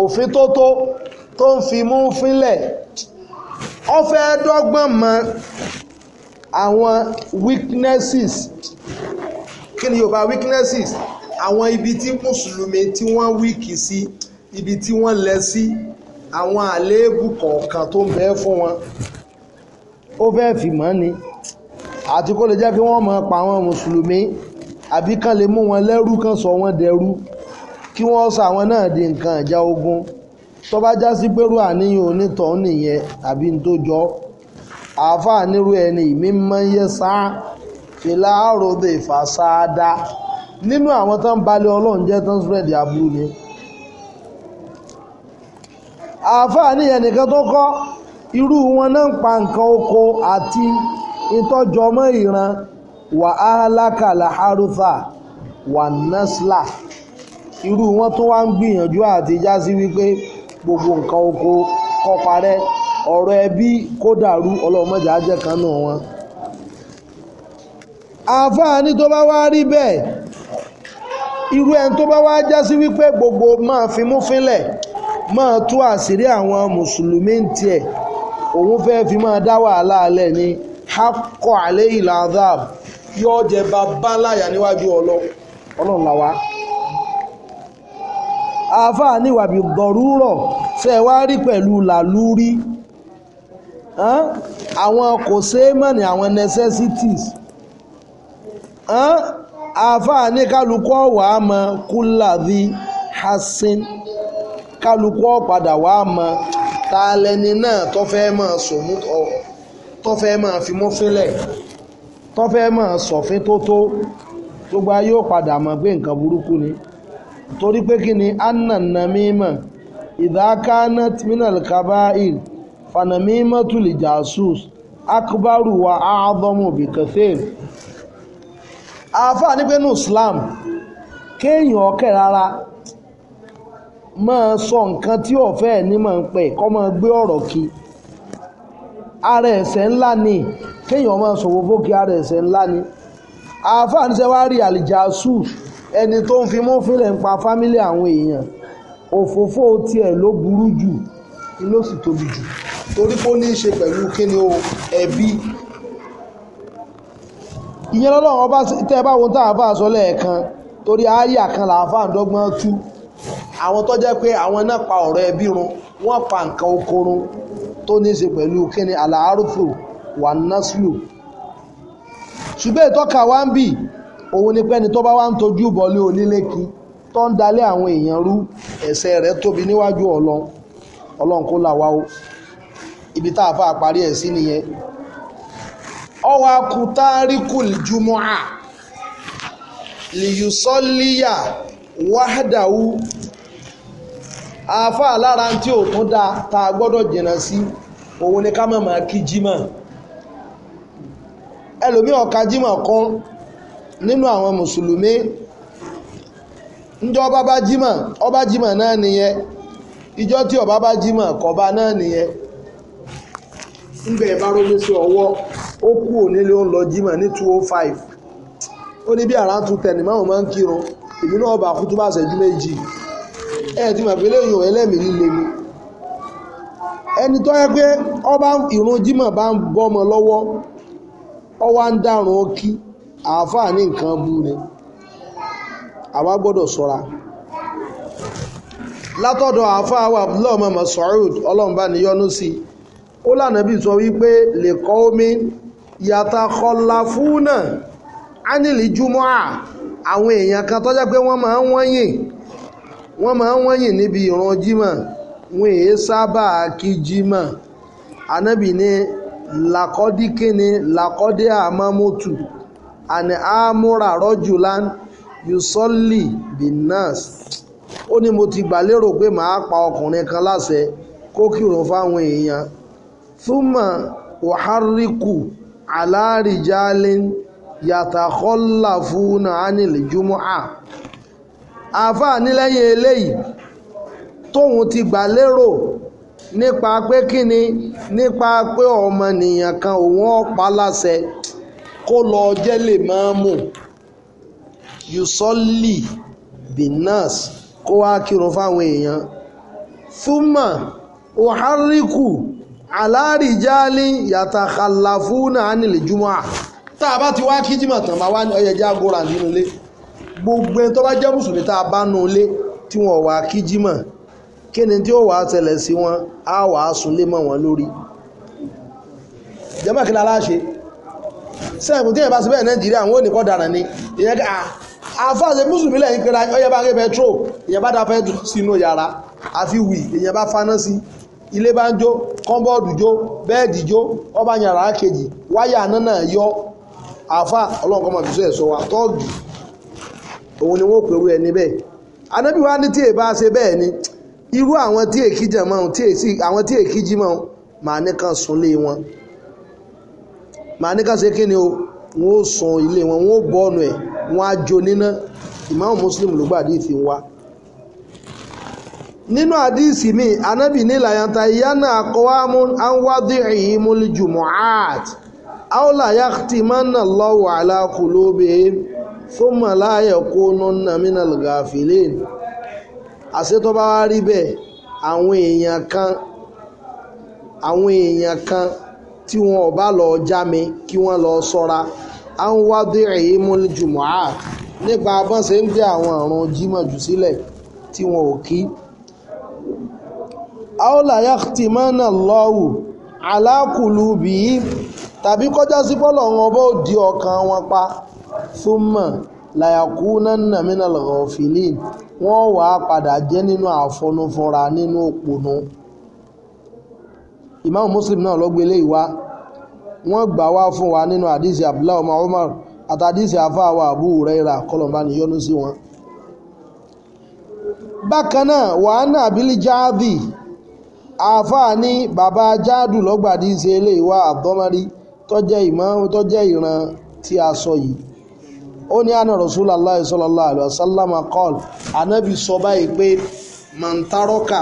òfin tó tó tó ń fi mú fínlẹ̀ ó weaknesses kí ni yorùbá weaknesses àwọn ibi tí mùsùlùmí tí wọ́n wíkì sí ibi tí wọ́n lẹ sí àwọn àléébù kọ̀ọ̀kan tó ń bẹ fún wọn ó fẹ́ fi mọ́ ni àti kó lè jẹ́ kí wọ́n mọ̀ pa àwọn mùsùlùmí àbí kán lè mú wọn lẹ́rú kán sọ wọ́n dẹrú kí wọ́n sọ àwọn náà di nǹkan ìjà ogun tó bá já sí pẹ̀rú àníyàn onítọ̀ọ́ nìyẹn àbí n tó jọ àáfàá nírú ẹni ìmí mọ́ ń yẹ sáá fìlà àròdè fàṣáadá nínú àwọn tó ń balẹ̀ ọlọ́run jẹ́ tó ń spreadi aburú ni àáfàá nìyẹn nìkan tó kọ́ irú wọn náà ń pa nǹkan oko àti ìtọ́jọmọ́ ìran wà áhálákà làhárúfà wà nẹ́sìlà irú wọn tó wá ń gbìyànjú àti já sí wípé gbogbo nǹkan oko kó parẹ́ ọ̀rọ̀ ẹbí kó dàrú ọlọ́mọdé ajẹ́ kan náà wọn. àfáàní tó bá wá rí bẹ́ẹ̀ irú ẹni tó bá wá já sí wípé gbogbo máa fimú fínlẹ̀ máa tú àṣírí àwọn mùsùlùmí ń tiẹ̀ òun fẹ́ẹ́ fi máa dá wàhálà alẹ́ ni hakọ alẹ́ ìlàdàb yóò jẹ bàbá láyà níwájú ọlọ ọlọ́run làwá. àáfàá níwàbí gbọ̀rúrọ̀ ṣe wá rí pẹ̀lú làlúrí àwọn kò ṣeé mọ̀nì àwọn necessities àáfàá ní kálukú ọ̀wà àmọ́ kúláàdì hasin kálukú ọ̀padà wà àmọ́ ta lẹni náà tó fẹ́ máa sòmú tó fẹ́ máa fi mú fílẹ̀ tó fẹ́ máa sọ̀fin tó tó gbogbo ayé ó padà mọ̀ pé nǹkan burúkú ni torí pé kí ni annanamímọ̀ ìdákáná minal kaba'ir fanamímọ̀ tùlì jasus akbaru wa aadọ́mù bìkẹ́sẹ̀ àáfàá ní pé ní Islam kéèyàn ọ̀kẹ́ rárá máa sọ nǹkan tí ọ̀fẹ́ ní máa ń pẹ̀ kọ́ máa gbé ọ̀rọ̀ kí ara ẹ̀ṣẹ̀ ńlá ni kéèyàn máa sọ̀wọ́ bókí ara ẹ̀ṣẹ̀ ńlá ni àáfàá ní sẹ́wá rí àlìjàsù ẹni tó ń fi mú fílẹ̀ ń pa fámílì àwọn èèyàn òfófó tiẹ̀ ló burú jù ló sì tóbi jù torí pé ó ní í ṣe pẹ̀lú kíni o ẹbí ìyẹn lọ́lọ́run ọba tẹ́ ẹ bá wo tá àáfàá sọ lẹ́ẹ̀kan torí àáyà kan làáfàá ń tú àwọn tó jẹ́ pé àwọn náà pa ọ̀rọ̀ ẹbí run wọ́n pa nǹkan oko run tó ní í ṣe pẹ̀lú kíni alaarufu wà násìlù ṣùgbọ́n ìtọ́ka wa ń bì òun ni pẹ́ni tó bá wá ń tọ́jú bọ́lé onílékin tó ń dalẹ̀ àwọn èèyàn rú ẹ̀ṣẹ̀ rẹ̀ tóbi níwájú ọlọ́run ọlọ́run kó là wá o ibi tá a fà parí ẹ̀ sí nìyẹn ọwọ́ akutarikul jumu'a liyusọ́líyà wahdahu Afa lára tí ò tún dáa ta gbọ́dọ̀ sí òun ni ká má kí jímọ̀ ẹlòmíì ọ̀ka jímọ̀ kan nínú àwọn mùsùlùmí ọba bá jímọ̀ ọba jímọ̀ náà nìyẹn ìjọ tí ọba bá jímọ̀ kọba náà nìyẹn ńgbẹ̀ ìbárólé sí ọwọ́ ó kú onílé ó lọ jímọ̀ ní oh ó ní bí máa ń kírun ìbínú ọba ẹ ti mọ̀ pé ẹlẹ́mìí ẹni tó yẹ pé ọba ìrun jímọ̀ bá ń bọ́mọ lọ́wọ́ ọwá ń oki ọkí àáfàá ní nǹkan bú ni àwa gbọ́dọ̀ ṣọ́ra látọ̀dọ̀ àáfàá wa abdullahi mama saud ọlọ́mùbá si sí i ó sọ wípé lè kọ́ omi yàtà kọlà fún náà júmọ́ àwọn èèyàn kan tọ́jà pé wọ́n máa ń wọ́nyìn wọ́n máa ń wọ́nyìn níbi ìran jímọ̀ wọn èé sábà kí jímọ̀ anábì ní làkọ́dí kíni làkọ́dí àmọ́mọ́tù àní àmúra rọ́jùlán yusọ́lì bìnnas ó ní mo ti gbàlérò pé màá pa ọkùnrin kan láṣẹ kó kírun fáwọn èèyàn túmọ̀ òháríkù aláàrìjálẹ̀ yàtàkọ́lá fún náà ánìlẹ̀ jùmọ̀ à àáfàá nílẹ́yìn eléyìí tóun ti gbà lérò nípa pé kíni nípa pé ọmọnìyàn kan òun ọ̀pá láṣẹ kó lọ jẹ́lẹ̀ máa mú yusọ́lì binas kó wá kírun fáwọn èèyàn fúnmọ̀ òháríkù alárìjáálí yàtàkàlàfúnà ánìlẹ̀júmọ́ tá a bá ti wá kíjìmọ̀ tán máa wá ní ọyẹ̀já nínú ilé gbogbo ẹni tó bá jẹ́ mùsùlùmí tá a bá nu ilé tí wọ́n wà kí jímọ̀ kí ni tí ó wàá tẹ̀lẹ̀ sí wọn á wàá sunlé mọ́ wọn lórí jẹ́mọ̀ kí lára sẹ́ẹ̀kùn tí èèyàn bá sí bẹ́ẹ̀ nàìjíríà àwọn òníkọ́ dára ni ìyẹn ká àfáàṣe mùsùlùmí lẹ́yìn pera ọyẹ bá rí pẹtrò èèyàn bá da pẹtrò sínú yàrá àfi wì èèyàn bá faná sí ilé bá ń jó kọ́ńbọ́ọ̀dù jó bẹ́ẹ̀dì jó ọba yàrá kejì wáyà náà yọ àfáà ọlọ́nkọ́mọ̀ fi sọ ẹ̀ sọ wa tọ́ọ̀gì òun ni wọ́n pèrú ẹni bẹ́ẹ̀ wa ní tí ṣe ni irú àwọn tí èkí jẹ àwọn tí màá sùn lé wọn màá ṣe kí ni o wọn ò sùn ilé wọn wọn ò bọ́ ọ̀nà wọn á jó níná ìmáàmù Muslim ló gbà àdìsí wa nínú àdìsí mi anábì ní làyàntà ìyáná àkọwámú anwádìí ẹ̀yìn múlẹ̀ jùmọ̀ áàt àwòlà lọ́wọ́ súnmọ́ láàyè kó nọ́nà mínàl gàfìlín àṣetọ́ bá wá rí bẹ́ẹ̀ àwọn èèyàn kan àwọn èèyàn kan tí wọn ò bá lọ já mi kí wọ́n lọ sọ́ra à ń wá dé èyí múlẹ̀ jùmọ̀ á nípa bọ́n ṣe ń gbé àwọn àrùn jímọ̀jù sílẹ̀ tí wọn ò kí. àọ́là yàtì mọ́nà lọ́wù alákùlù bìí tàbí kọjá sí bọ́lọ̀ wọn bó di ọkàn wọn pa thumma layakunanna minal ghafilin wọ́n wà á padà jẹ́ nínú àfọnufọ́ra nínú òpònú Imam Muslim náà ló gbé eléyìí wá wọ́n gbà wá fún wa nínú àdísì Abdullahi ọmọ Umar àtàdísì àfáàwà Abu Huraira kọlọ̀mbá ni yọ́nú sí wọn bákan náà wàhánà abili jáàdì àáfàá ní bàbá jáàdù lọ́gbàdí ṣe eléyìí wá àdọ́mọ́rí tó jẹ́ ìran tí a sọ yìí ó ní àná Rasulullah sallallahu alaihi wasallam qala ànábì sọ báyìí pé mọ̀ntárọ́kà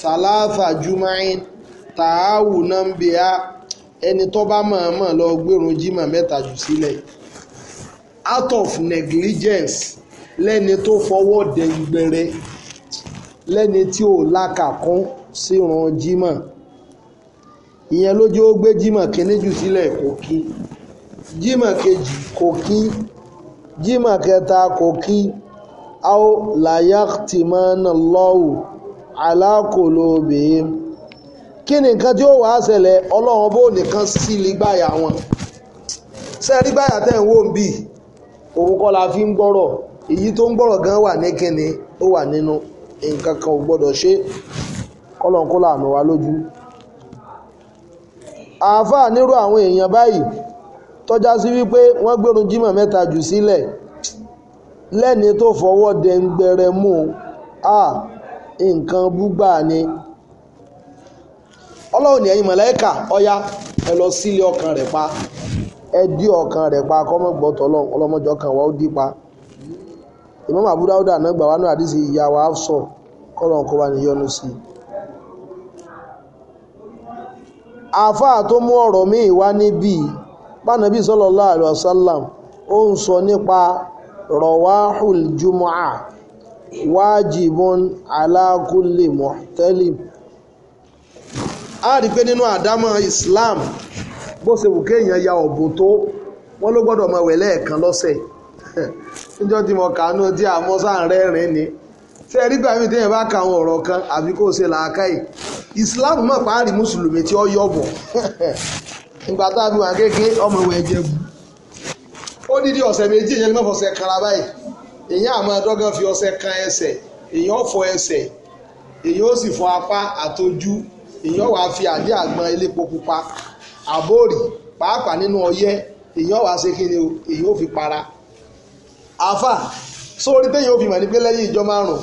sàlááfà jùmáìn tààwù náà ń bẹ̀ á ẹni tó bá mọ̀ọ́mọ̀ lọ gbérun jímọ̀ mẹ́ta jù sílẹ̀ out of negligence lẹ́ni tó fọwọ́ dẹ̀ngbẹ̀rẹ̀ lẹ́ni tí ò lákàkún sírun jímọ̀ ìyẹn ló jẹ́ ó gbé jímọ̀ kíní jù sílẹ̀ kò kí jímọ̀ kejì kò kí jimá kẹta kò kí aw layaktimana Allahu ala qulubihim kí ni nǹkan tí ó wàá ṣẹlẹ̀ ọlọ́run bó nìkan sí ligbáyà wọn sẹ́ẹ̀rí báyà tẹ̀ ń wò ń bì òun kọ́ la fi ń gbọ́rọ̀ èyí tó ń gbọ́rọ̀ gan wà ní kíni ó wà nínú nǹkan kan ò gbọ́dọ̀ ṣe kọ́lọ́nkó làánú wa lójú àáfàá nírú àwọn èèyàn báyìí tọ́já sí wípé wọ́n gbérun jímọ̀ mẹ́ta jù sílẹ̀ lẹ́ni tó fọwọ́ dẹ́ngbẹ̀rẹ̀ mú a nǹkan búgbà ni ọlọ́run ní ẹ̀yin mọ̀lẹ́kà ọya ẹ lọ sílé ọkàn rẹ̀ pa ẹ dí ọkàn rẹ̀ pa kọ́mọ̀gbọ́tọ̀ ọlọ́mọjọ́ kan wà ó dí pa Imam Abu Dawud náà gbà wá náà àdìsí ìyá wa sọ kọ́lọ̀ kó wà níyọnu sí i àáfàá tó ọ̀rọ̀ míì wá níbí pánàbí sallallahu alaihi wasallam ó ń sọ nípa rọwáhùl jùmọ̀á Wajibun ala kulli muhtalim ninu pé nínú àdámọ̀ Islam bó ṣe wù kéèyàn ya ọ̀bùn tó wọ́n ló gbọ́dọ̀ máa wẹ̀ lẹ́ẹ̀kan lọ́sẹ̀ níjọ́ tí mo kà á nú tí àmọ́ sáà rẹ́rìn-ín ni ṣe rí bá ka àwọn ọ̀rọ̀ kan àbí kó ṣe làákàyè Islam mọ̀ mùsùlùmí tí ó ìgbà tá a fi wà kékeré ọmọ ìwẹ̀ ẹ̀jẹ̀ bù ó dídí ọ̀sẹ̀ méjì ìyẹn ló fọ̀sẹ̀ kan ara báyìí èyàn àmọ́ ọdọ́gán fi ọṣẹ kan ẹsẹ̀ èyàn ó fọ ẹsẹ̀ èyàn ó sì fọ apá àtọjú èyàn wàá fi àdé àgbọn elépo pupa àbórì pàápàá nínú ọyẹ́ èyàn wàá ṣe kíni o èyàn ó fi para àfà sórí téyàn ó fi mọ̀ ní pé lẹ́yìn ìjọ márùn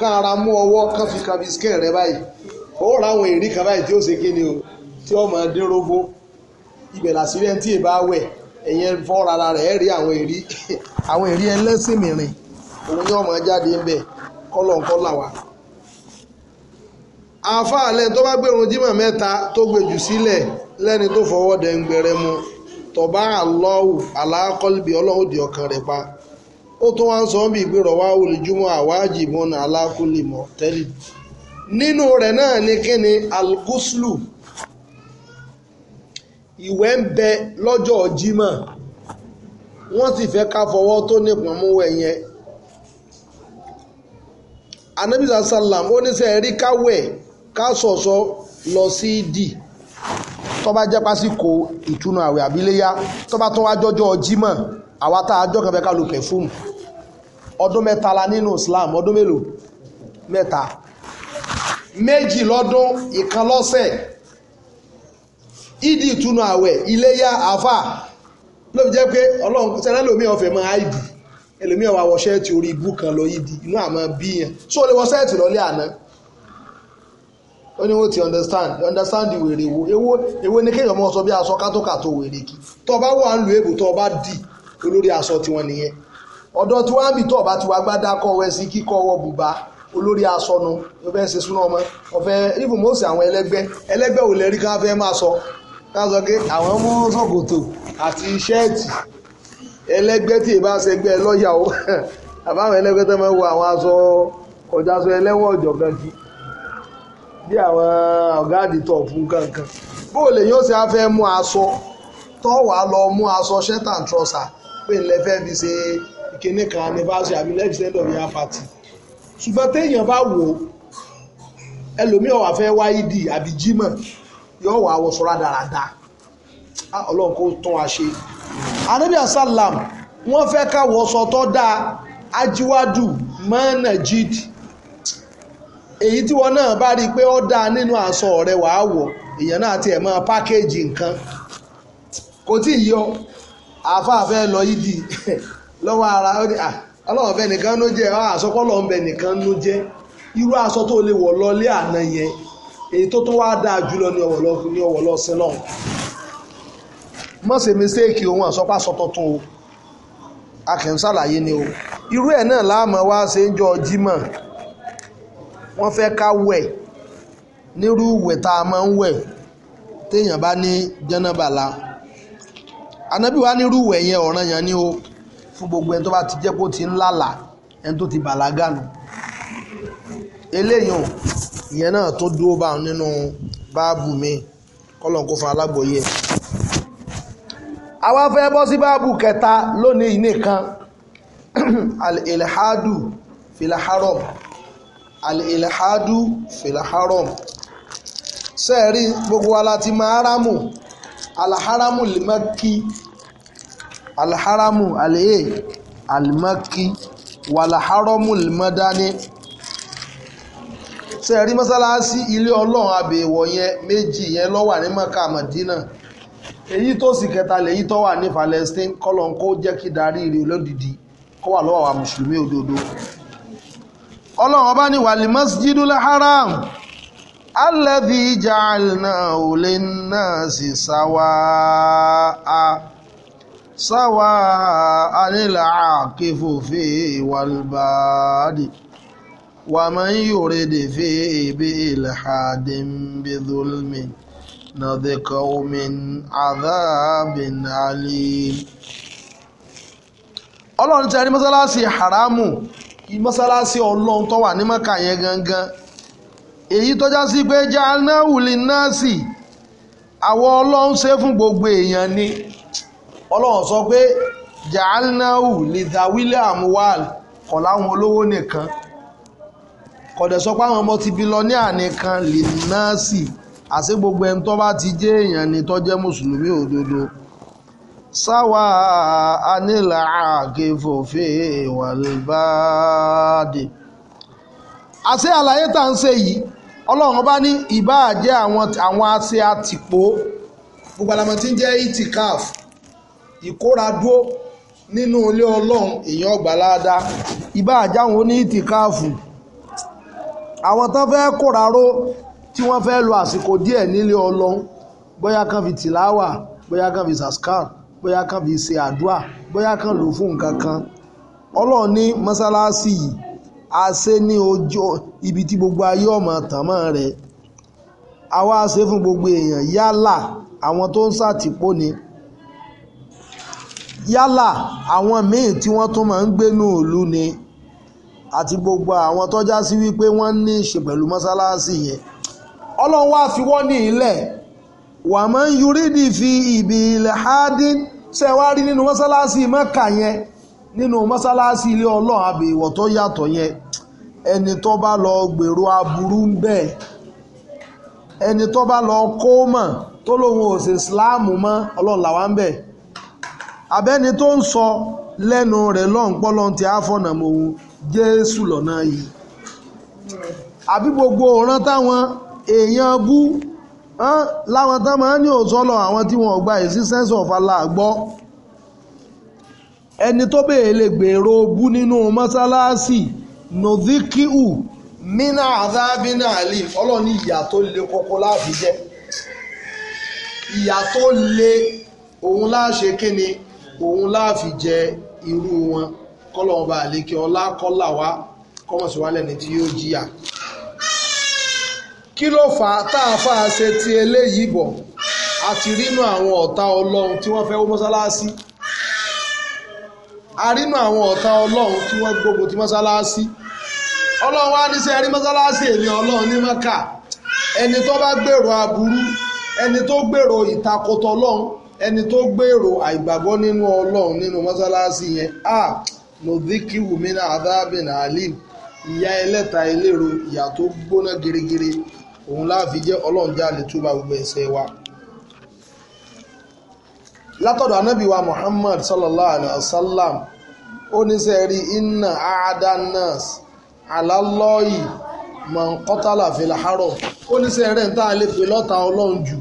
kán ara mú ọwọ́ kán fi kan bisikẹ́ rẹ báyìí ó ra àwọn èrí kan báyìí tí ó ṣe kíni o tí ọmọ dín rógbó ibẹ̀ la ẹni tí ì bá wẹ̀ ẹ̀yẹn fọ́ rárá rẹ̀ ẹ̀ rí àwọn èrí àwọn èrí ẹlẹ́sìn mìíràn òun yóò máa jáde ń bẹ̀ kọ́lọ̀ńkọ́là wa. àáfàá lẹ́ni tó bá gbẹ̀rún jímọ̀ mẹ́ta tó gbèjù sílẹ̀ lẹ́ni tó fọwọ́ dẹ̀ ń gbẹrẹ mu tọ̀bá àlọ́wù aláàkọ́lùbí ọlọ́run di ọkàn rẹ̀ pa ó tún wá ń sọ bí ìgbéró wá olùjúmọ́ àwájì mọ́nà aláàkúlì mọ́ tẹ́lẹ̀ nínú rẹ̀ náà ni kíni al-ghuslu ìwẹ̀ ń bẹ lọ́jọ́ Jímọ̀ wọ́n sì fẹ́ ká fọwọ́ tó nípọn mú wẹ̀ yẹn anabisa salam ó ní sẹ́ rí káwẹ̀ ká sọ̀sọ́ lọ sí dì tọ́ba jẹ́ pásíkò ìtúnu àwẹ̀ àbíléyá tọ́ba tó wá jọjọ́ Jímọ̀ àwa tá a jọ kan fẹ́ ká lo pẹ̀fúmù ọdún mẹ́ta la nínú Islam ọdún mélòó mẹ́ta méjì lọ́dún ìkan lọ́sẹ̀ ìdí ìtúnu àwẹ̀ iléyà àfà ló fi jẹ́ pé ọlọ́run sẹ́rẹ́ lómi ọ̀fẹ́ mọ́ àìdì ẹlòmí ọ̀wà wọ ṣẹ́ẹ̀tì orí ibú kan lọ ìdí inú àmọ́ bíyàn so ó lè wọ ṣẹ́ẹ̀tì lọ́lẹ́ àná ó ní wọ́n ti understand understand the wèrè wo ewó ewó ní kéèyàn mọ́ sọ bí aṣọ kátókàtó wèrè kí tó bá wà ń lu èbò tó bá dì olórí aṣọ tiwọn nìyẹn ọ̀dọ́ tí wọ́n á bì tó bá ti wá gbádá kọ́ wẹ́ sí kíkọ́ wọ bùbá olórí aṣọ nu ó fẹ́ ṣe súná ọmọ ọ̀fẹ́ ibùmọ̀ọ́sì àwọn ẹlẹ́gbẹ́ ẹlẹ́gbẹ́ ò lẹ́rí ká fẹ́ máa sọ ká sọ pé àwọn mú ṣòkòtò àti ṣẹ́ẹ̀tì ẹlẹ́gbẹ́ tí ìbá ṣẹgbẹ́ lọ́yà ó àbáwọn ẹlẹ́gbẹ́ tó máa ń wọ àwọn aṣọ kọjá aṣọ ẹlẹ́wọ̀n ọ̀jọ̀gbọ́n kí bí àwọn ọ̀gá àdìtọ̀ fún kankan bó lè yóò ṣe á fẹ́ mú aṣọ tó wà lọ mú aṣọ shirt and trouser pé ńlẹ fẹ́ fi ṣe ìkíní kan anniversary àbí lẹ́yìn send of year party ṣùgbọ́n téèyàn bá wò ó ẹlòmíọ̀ wà fẹ́ wáyé dì àbí jímọ̀ yọ wà wọ sọ́ra dáradá ọlọ́run kò tán wa ṣe. anabi asalam wọ́n fẹ́ ká wọṣọ tó dáa ajíwádù mọ́nàjid èyí tí wọn náà bá rí i pé ó dáa nínú aṣọ rẹ wàá wọ̀ èèyàn náà tiẹ̀ máa pákéjì nǹkan kò tí ì yọ àfáàfẹ́ lọ yìí di lọ́wọ́ ara ó ní à ọlọ́run fẹ́ nìkan ló jẹ́ àṣọpọ̀ lọ́nbẹ nìkan ló jẹ́ irú aṣọ tó lè wọ̀ lọ́lé àná yẹn èyí tó tún wáá dáa jùlọ ní ọwọ́ lọ ní ọwọ́ lọ sí náà mọ̀ ṣe mistake òun àsọpá sọ tuntun o a kì í ṣàlàyé ni o irú ẹ̀ náà láàmú wá ṣe ń jọ jímọ̀ wọ́n fẹ́ ká wẹ̀ nírú ìwẹ̀ tá a máa ń wẹ̀ téèyàn bá ní jẹ́nàbàlà ànábì wa nírú ìwẹ̀ yẹn ọ̀ràn yẹn ni o fún gbogbo ẹni tó bá ti jẹ́ kó ti ń lálàá ẹni tó ti bàlágà nù eléyìí ìyẹn náà tó dúró bá nínú báàbù mi kọ́lọ̀ kó fún alágbòye àwa fẹ́ bọ́ sí báàbù kẹta lónìí nìkan al-ilhadu filaharom al-ilhadu filaharom sẹ́ẹ̀rí gbogbo wa láti máa haramu alaharamu limaki alaharamu aliye alimaki walaharamu limadani. Al ṣe rí mọ́sálásí ilé ọlọ́run àbẹ̀wọ̀ yẹn méjì yẹn ló wà ní mọ́kà mọ̀dínà èyí tó sì kẹta lèyí tó wà ní Palestine kọ́lọ́n kó jẹ́ kí darí rẹ̀ olódìdí kó wà lọ́wọ́ àwa mùsùlùmí òdodo ọlọ́run ọba ní wàlí masjidul haram alladhi ja'alnahu linnasi sawa'a sawa'a anil aqifu fi wal badi. ومن يرد فيه بإلحاد بظلم نذقه من عذاب عليم ọlọ́run ti a ní mọ́sálásí haramu mọ́sálásí ọlọ́run tó wà ní mọ́kà yẹn gangan èyí tó já sí pé jáánáwù lè náàsì àwọn ọlọ́run ṣe fún gbogbo èèyàn ni ọlọ́run sọ pé jáánáwù lè dáwílẹ̀ àmúwàl kọ̀ láwọn olówó nìkan kọ̀dẹ̀ sọ pé àwọn ọmọ ti bilọ́níà nìkan lè náà sí àṣé gbogbo ẹni tó bá ti jẹ́ èèyàn ni tó jẹ́ mùsùlùmí òdodo sáwà anílà àkẹfọ̀fẹ́ wàlúbàdì àṣé àlàyé tá à ń ṣe yìí ọlọ́run bá ní ìbá jẹ́ àwọn àṣẹ àtìpó gbogbo àlàmọ́ tí ń jẹ́ itikaf ìkóra nínú ilé ọlọ́run èèyàn ọgbà láadáa ìbá oní itikaafu àwọn tán fẹ́ kóraró tí wọ́n fẹ́ lo àsìkò díẹ̀ nílé ọlọ́run bóyá kan fi tìláwà bóyá kan fi sàskar bóyá kan fi ṣe àdúà bóyá kan lò fún nǹkan kan ọlọ́run ní mọ́sálásì yìí a ṣe ní ọjọ́ ibi tí gbogbo ayé ọmọ tàmọ́ rẹ̀ àwa ṣe fún gbogbo èèyàn yálà àwọn tó ń ṣàtìpó ni yálà àwọn míì tí wọ́n tún máa ń gbénú ìlú ni àti gbogbo àwọn tọ́já sí wípé wọ́n ní í ṣe pẹ̀lú mọ́sálásì yẹn ọlọ́run wá fi wọ́n ní ilẹ̀ wà máa ń yurídì fi ìbí ilẹ̀ hádín ṣe wá rí nínú mọ́sálásì mẹ́kà yẹn nínú mọ́sálásì ilé ọlọ́run àbí ìwọ̀ tó yàtọ̀ yẹn ẹni tó bá lọ gbèrò aburú ń bẹ̀ ẹni tó bá lọ kó mọ̀ tó lóun ò ṣe ìsìláàmù mọ́ ọlọ́run làwa ń bẹ̀ abẹ́ni tó ń sọ lẹ́nu rẹ̀ lọ́npọ́lọ́n ti àfọ̀nàmọ́ òun jésù lọ́nà yìí àbí gbogbo ọ̀ràn táwọn èèyàn bú láwọn tán máa ń ní òsọ́lọ̀ àwọn tí wọ́n gba existence of Allah gbọ́ ẹni tó bèèrè lè gbèrò bú nínú mọ́sálásì nòdíkíù mina adábínà àlè ọlọ́ni ìyà tó le kókó láàfin jẹ́ ìyà tó le òun láṣe kíni òun láàfin jẹ irú wọn kọ́lọ́wọ́n bá àlékè ọlá kọ́là wá kọ́mọ̀sí wálẹ̀ ní tí yóò jìyà kí ló fà á tá a fà á ṣe ti eléyìí bọ̀ a ti rínú àwọn ọ̀tá ọlọ́run tí wọ́n fẹ́ wó mọ́sálásí a rínú àwọn ọ̀tá ọlọ́run tí wọ́n gbógun ti mọ́sálásí ọlọ́run wá níṣẹ́ rí mọ́sálásí èmi ọlọ́run ní mọ́kà ẹni tó bá gbèrò aburú ẹni tó gbèrò ìtakòtò ọlọ́run ẹni tó gbèrò àìgbàgbọ́ nínú ọlọ́run nínú mọ́sálásí yẹn ah nùdíkìwù mí náà adábìn alim ìyá ẹlẹ́ta eléro ìyá tó gbóná gerigeri òun láàfi jẹ́ ọlọ́run jáde tó bá gbogbo ẹ̀ṣẹ̀ wa látọ̀dọ̀ anábì wa muhammad sallallahu alayhi wa sallam ó ní sẹ́ẹ̀rí inna a'adannas alálọ́yì mọ̀ ń kọ́tàlà fìlàárọ̀ ó ní sẹ́ẹ̀rẹ́ ń tá a lè lọ́ta ọlọ́run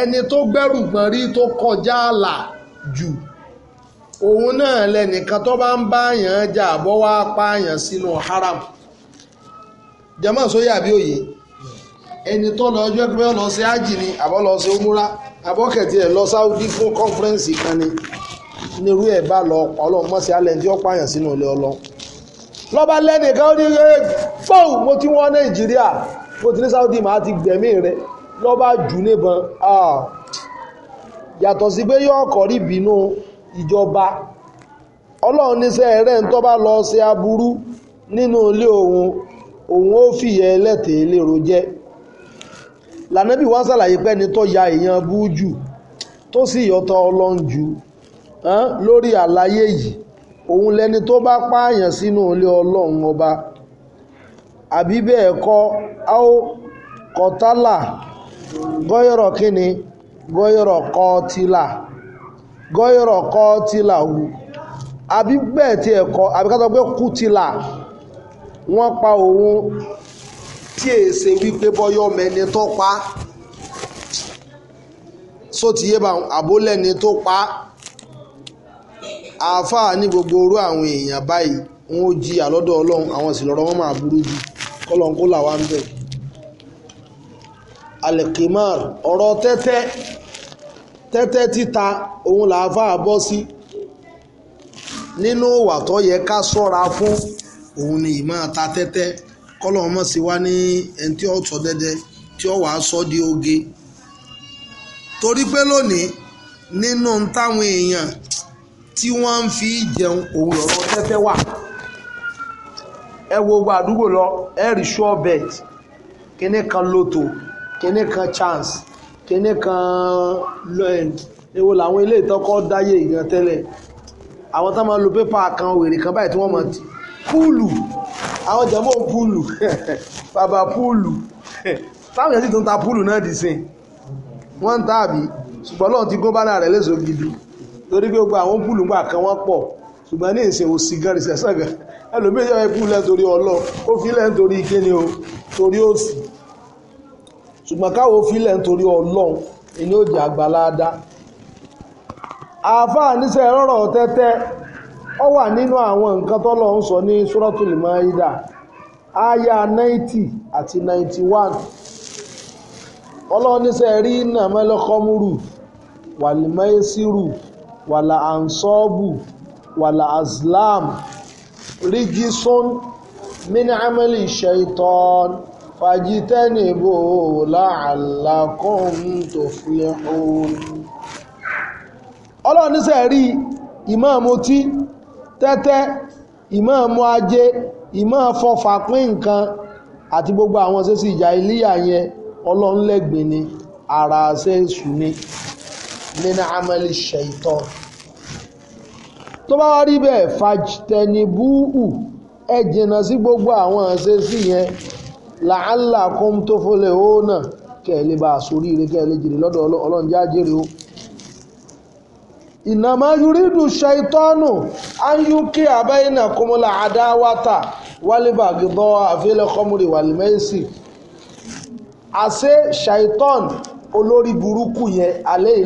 ẹni tó gbẹ́rù gbọ̀n tó kọjá àlà jù òun náà lẹ́nìkan tó bá ń bá àyàn jà bọ́ wá pààyàn sínú haram jama sóyè àbí òye ẹni tó lọ ọjọ́ pé lọ sí ájì ni àbọ̀ lọ sí umura abọ́kẹ̀tì ẹ̀ lọ sáúdí fún kọ́nfẹ́rẹ́nsì kan ni nírú ẹ̀ bá lọ ọ̀pọ̀ ọlọ́mọ́sí alẹ́ tí ó pààyàn sínú ilé ọlọ́ lọ́ba lẹ́nìkan ó ní fóò mo ti wọ́n nàìjíríà mo ti ní sáúdí màá ti gbẹ̀mí rẹ lọ́ba jù níbọn ah, yàtọ̀ sí pé yóò kọ́ rí bínú ìjọba ọlọ́run níṣẹ́ rẹ̀ ń tọ́ bá lọ ṣe aburú nínú ilé òun òun ó fìyẹ ẹlẹ́tẹ̀ lérò jẹ́ lànàbí wọ́n ṣàlàyé pẹ́ni tó ya èèyàn bú jù tó sì yọtọ̀ ọlọ́run jù lórí àlàyé yìí òun lẹni tó bá pààyàn sínú ilé ọlọ́run ọba àbí bẹ́ẹ̀ kọ́ áó kọtálà gọ́yọ̀rọ̀ kíni gọ́yọ̀rọ̀ kọtílà gọ́yọ̀rọ̀ kọ́ tílà wù àbí bẹ́ẹ̀ tí ẹ̀ kọ́ àbí kátó pé kú tílà wọ́n pa òun tí èsè wípé bọ́yọ̀ mẹ́ni tó pa sótìyébà àbólẹ́ni tó pa àáfàá ní gbogbo orú àwọn èèyàn báyìí wọn ó jìyà lọ́dọ̀ ọlọ́run àwọn sì lọ́rọ̀ wọn máa burú jù kọ́lọ́n kó là wá ń bẹ̀. alẹ́kìmọ́r ọ̀rọ̀ tẹ́tẹ́ tẹ́tẹ́ títa òun làáfàá bọ́ sí nínú ìwà tó yẹ ká ṣọ́ra fún òun ni ìmáa ta tẹ́tẹ́ kọ́lọ́hún mọ̀ sí wa ní ẹni tí ó sọ dẹ́dẹ́ tí ó wàá sọ di oge torí pé lónìí nínú táwọn èèyàn tí wọ́n ń fi jẹun òun lọ́rọ̀ tẹ́tẹ́ wà ẹ wo gbogbo àdúgbò lọ ẹ rí sure bet kíní kan lotto kíní kan chance kíní kan ewo làwọn ilé ìtọ́kọ́ dáyé ìgbà tẹ́lẹ̀ àwọn tá máa lo pépà kan wèrè kan báyìí tí wọ́n máa ti púùlù àwọn jẹ́mọ́ púùlù bàbá púùlù táwọn èèyàn sì tún ta púùlù náà dì sí wọ́n ń tàbí ṣùgbọ́n lọ́n ti gó bá náà rẹ̀ léṣo gidi torí pé gbogbo àwọn púùlù gbà kan wọ́n pọ̀ ṣùgbọ́n ní ìsìn òsì gan rìsẹ̀sẹ̀ gan ẹlòmíì yọ ẹ púùlù ẹ̀ torí ọlọ́ ó fi lẹ́ kíni o torí òsì ṣùgbọ́n káwọ́ fílẹ̀ nítorí ọlọ́run ilé òjì àgbàláadá àáfàá níṣẹ́ rọ̀rọ̀ tẹ́tẹ́ ọ wà nínú àwọn nǹkan tọ́lọ̀ ń sọ ní Suratul Maida aya 90 àti 91 ọlọ́run níṣẹ́ rí nàmẹ́lẹ́ kọ́múrù wàlìmẹ́sìrù wàlà ansọ́bù wàlà azlam rígísún mínàmẹ́lì ṣaitan fajitanibu la'allakum tuflihun ọlọ́run ní sẹ́ẹ̀rí ìmáàmù tí tẹ́tẹ́ ìmáàmù ajé ìmáàfọ́fà pín nǹkan àti gbogbo àwọn ṣe sí ìjà iléyà yẹn ọlọ́run lẹ́gbìn ni ara ṣe èṣù ni nínú amẹ́lì ṣẹ̀tọ́ tó bá wá rí bẹ́ẹ̀ fajitanibu ẹ̀ sí gbogbo àwọn ṣe sí yẹn làálà kún tó fọlẹ̀ ó náà kẹ́ ẹ lè bá a sórí ire kẹ́ ẹ lè jèrè lọ́dọ̀ ọlọ́run já jèrè o. ìnàmá yurídù ṣaitọ́nù ayúkẹ́ àbáyínà kọmọlá àdáwátà wálébàgìbọ́ àfẹ́lẹ́ kọmúrì wàlímẹ́sì àṣẹ ṣaitọ́n olórí burúkú yẹn alẹ́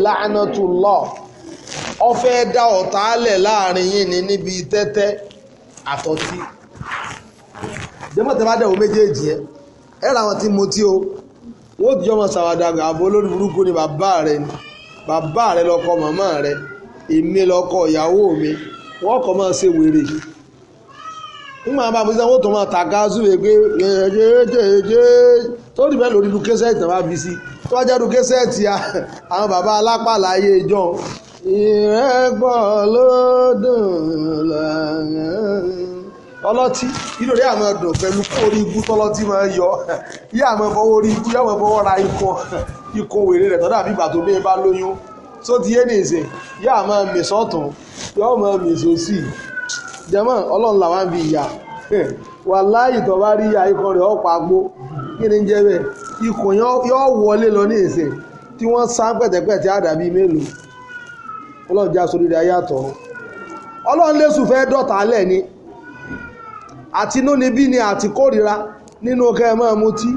méjèèjì yẹn ẹ ra àwọn tí mo tí o wọ́n ti jọ́ mọ̀ sàwádà àbò olórí burúkú ni bàbá rẹ ni bàbá rẹ lọkọ màmá rẹ èmi lọkọ ìyàwó mi wọ́n kọ́ máa ṣe wèrè nígbà bá fi sanwó tó máa ta gáàsù rẹ pé jẹjẹjẹjẹ tó dìbẹ́ lórí lu kẹsẹ́ẹ̀tì náà bá fi sí tó bá jẹ́rú kẹsẹ́ẹ̀tì àwọn bàbá alápàlà ayé ìjọ ìrẹ́pọ̀ ló dùn ọlọ́tí inú rẹ̀ àmọ́ dùn pẹ̀lú orí ibú tọ́lọ́tí máa ń yọ yíyá àmọ́ fọwọ́ orí ibú yíyá àmọ́ fọwọ́ ra ikọ̀ ikọ̀ wèrè rẹ̀ tọ́dà bí ìgbà tó bẹ́ẹ̀ bá lóyún tó ti yé nìyẹn yíyá àmọ́ mèsì ọ̀tún yíyá àmọ́ mèsì òsì jẹ́mọ́ ọlọ́run làwọn bí ìyá wà láàyè tó bá rí ìyá ikọ̀ rẹ̀ ọ̀pá gbó kí ni jẹ́ bẹ́ẹ̀ ikọ̀ yọ wọlé lọ nìyẹn tí wọ́n sá pẹ̀tẹ̀pẹ̀tẹ̀ àdàbí mélòó ọlọ́run já sórí rẹ̀ ayàtọ̀ ọlọ́run lẹ́sùn fẹ́ dọ̀tà alẹ́ ni àti inúnibí ni àti kórìíra nínú kẹ́ mutí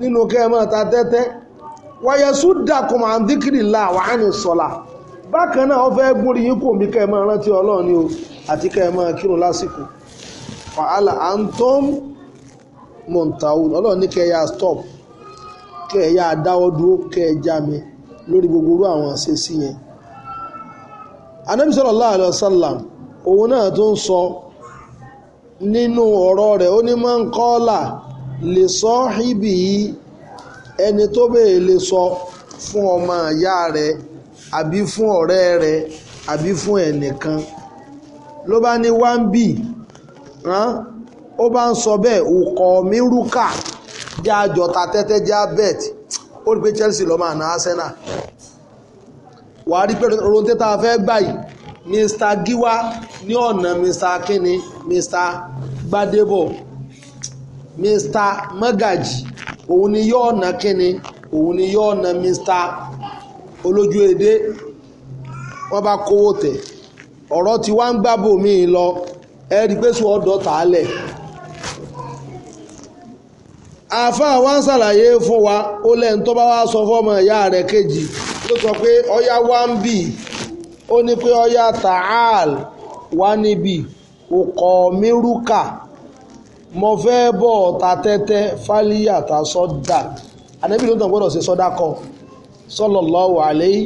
nínú ta tẹ́tẹ́ wàyẹ̀sù dàkùnmọ̀ àǹdíkìrì là wà á ní sọ̀la bákan náà wọ́n fẹ́ẹ́ gbórí yín kò mí rántí ọlọ́run ni o àti kẹ́ kírun lásìkò wàhálà ọlọ́run ní stop yá dáwọ́ dúró gbogbo àwọn àṣeṣí yẹn òun náà tó sọ. nínú ọ̀rọ̀ rẹ̀ ó ní máa ń kọ́ọ́là lè sọ ibì yìí ẹni tó bèè lè sọ fún ọmọ ìyá rẹ̀ àbí fún ọ̀rẹ́ rẹ̀ àbí fún ẹnìkan ló bá ní one b ó bá ń sọ bẹ́ẹ̀ ọkọ̀ mi jẹ́ àjọta tẹ́tẹ́ jẹ́ abẹ́ẹ̀tì ó rí pé Chelsea lọ́mọ àná Arsenal wàá rí pé ronú tẹ́tà fẹ́ gbà mista giwa ní ọ̀nà mr akínni mr gbadebo mr magaji òun ni yóò ọ̀nà kínni òun ni yóò ọ̀nà mr olójú èdè wọ́n bá kówó ọ̀rọ̀ tí wá ń gbábò lọ ẹ rí i pé sùn ọ̀dọ̀ tà á lẹ̀ ń ṣàlàyé fún wa ó lẹ́yìn tó wá sọ fọ́mọ kejì ló sọ pé ọ̀yá ń ó ní pé ọ̀yá tààl wá níbi ọkọ̀ mẹ́rùkà mo fẹ́ bọ̀ ta tẹ́tẹ́ fálíyà ta sọ́dà ànábì ló ń tàn gbọ́dọ̀ ṣe sọ́dà kọ sallallahu alayhi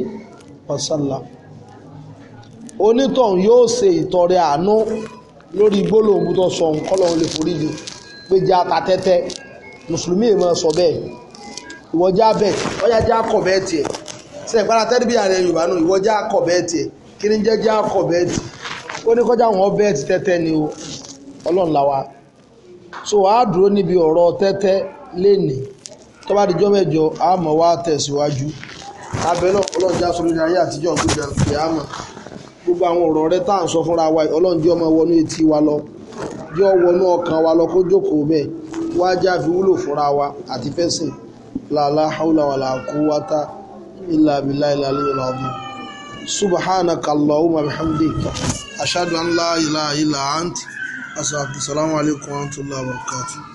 wa sallam onítọ̀hún yóò ṣe ìtọrẹ àánú lórí gbólóhùn tó sọ nǹkan lọ́wọ́ lè forí ju pé jẹ́ ata tẹ́tẹ́ mùsùlùmí èèmọ̀ sọ bẹ́ẹ̀ ìwọ́jà bẹ́ẹ̀ ọ̀yájà kọ̀ bẹ́ẹ̀ tiẹ̀ ṣe ìpara tẹ́lifíà rẹ̀ yorùbá nù ìwọ jẹ́ akọ bẹ́ẹ̀tì kí ni jẹ́ akọ bẹ́ẹ̀tì ó ní kọjá àwọn bẹ́ẹ̀tì tẹ́tẹ́ ni o ọlọ́run la wa so a dúró níbi ọrọ tẹ́tẹ́ lénìí tó bá dijọ́ mẹ́jọ a mọ̀ wá tẹ̀síwájú abẹ́lẹ̀ ọlọ́jà sọ lórí ayé àtijọ́ gbọ́dọ̀ fi àmọ́ gbogbo àwọn ọrọ rẹ tá à ń sọ fúnra wa ọlọ́njẹ́ ọmọ wọnú etí wa lọ jọ wọnú ọkàn wa lọ kó jókòó bẹ́ẹ̀ wá fi wúlò fúnra wa àti fẹ́sìn làlá haúlà wàlà kú wátá. إلا بالله العلي العظيم سبحانك اللهم وبحمدك أشهد أن لا إله إلا أنت أستغفرك السلام عليكم ورحمة الله وبركاته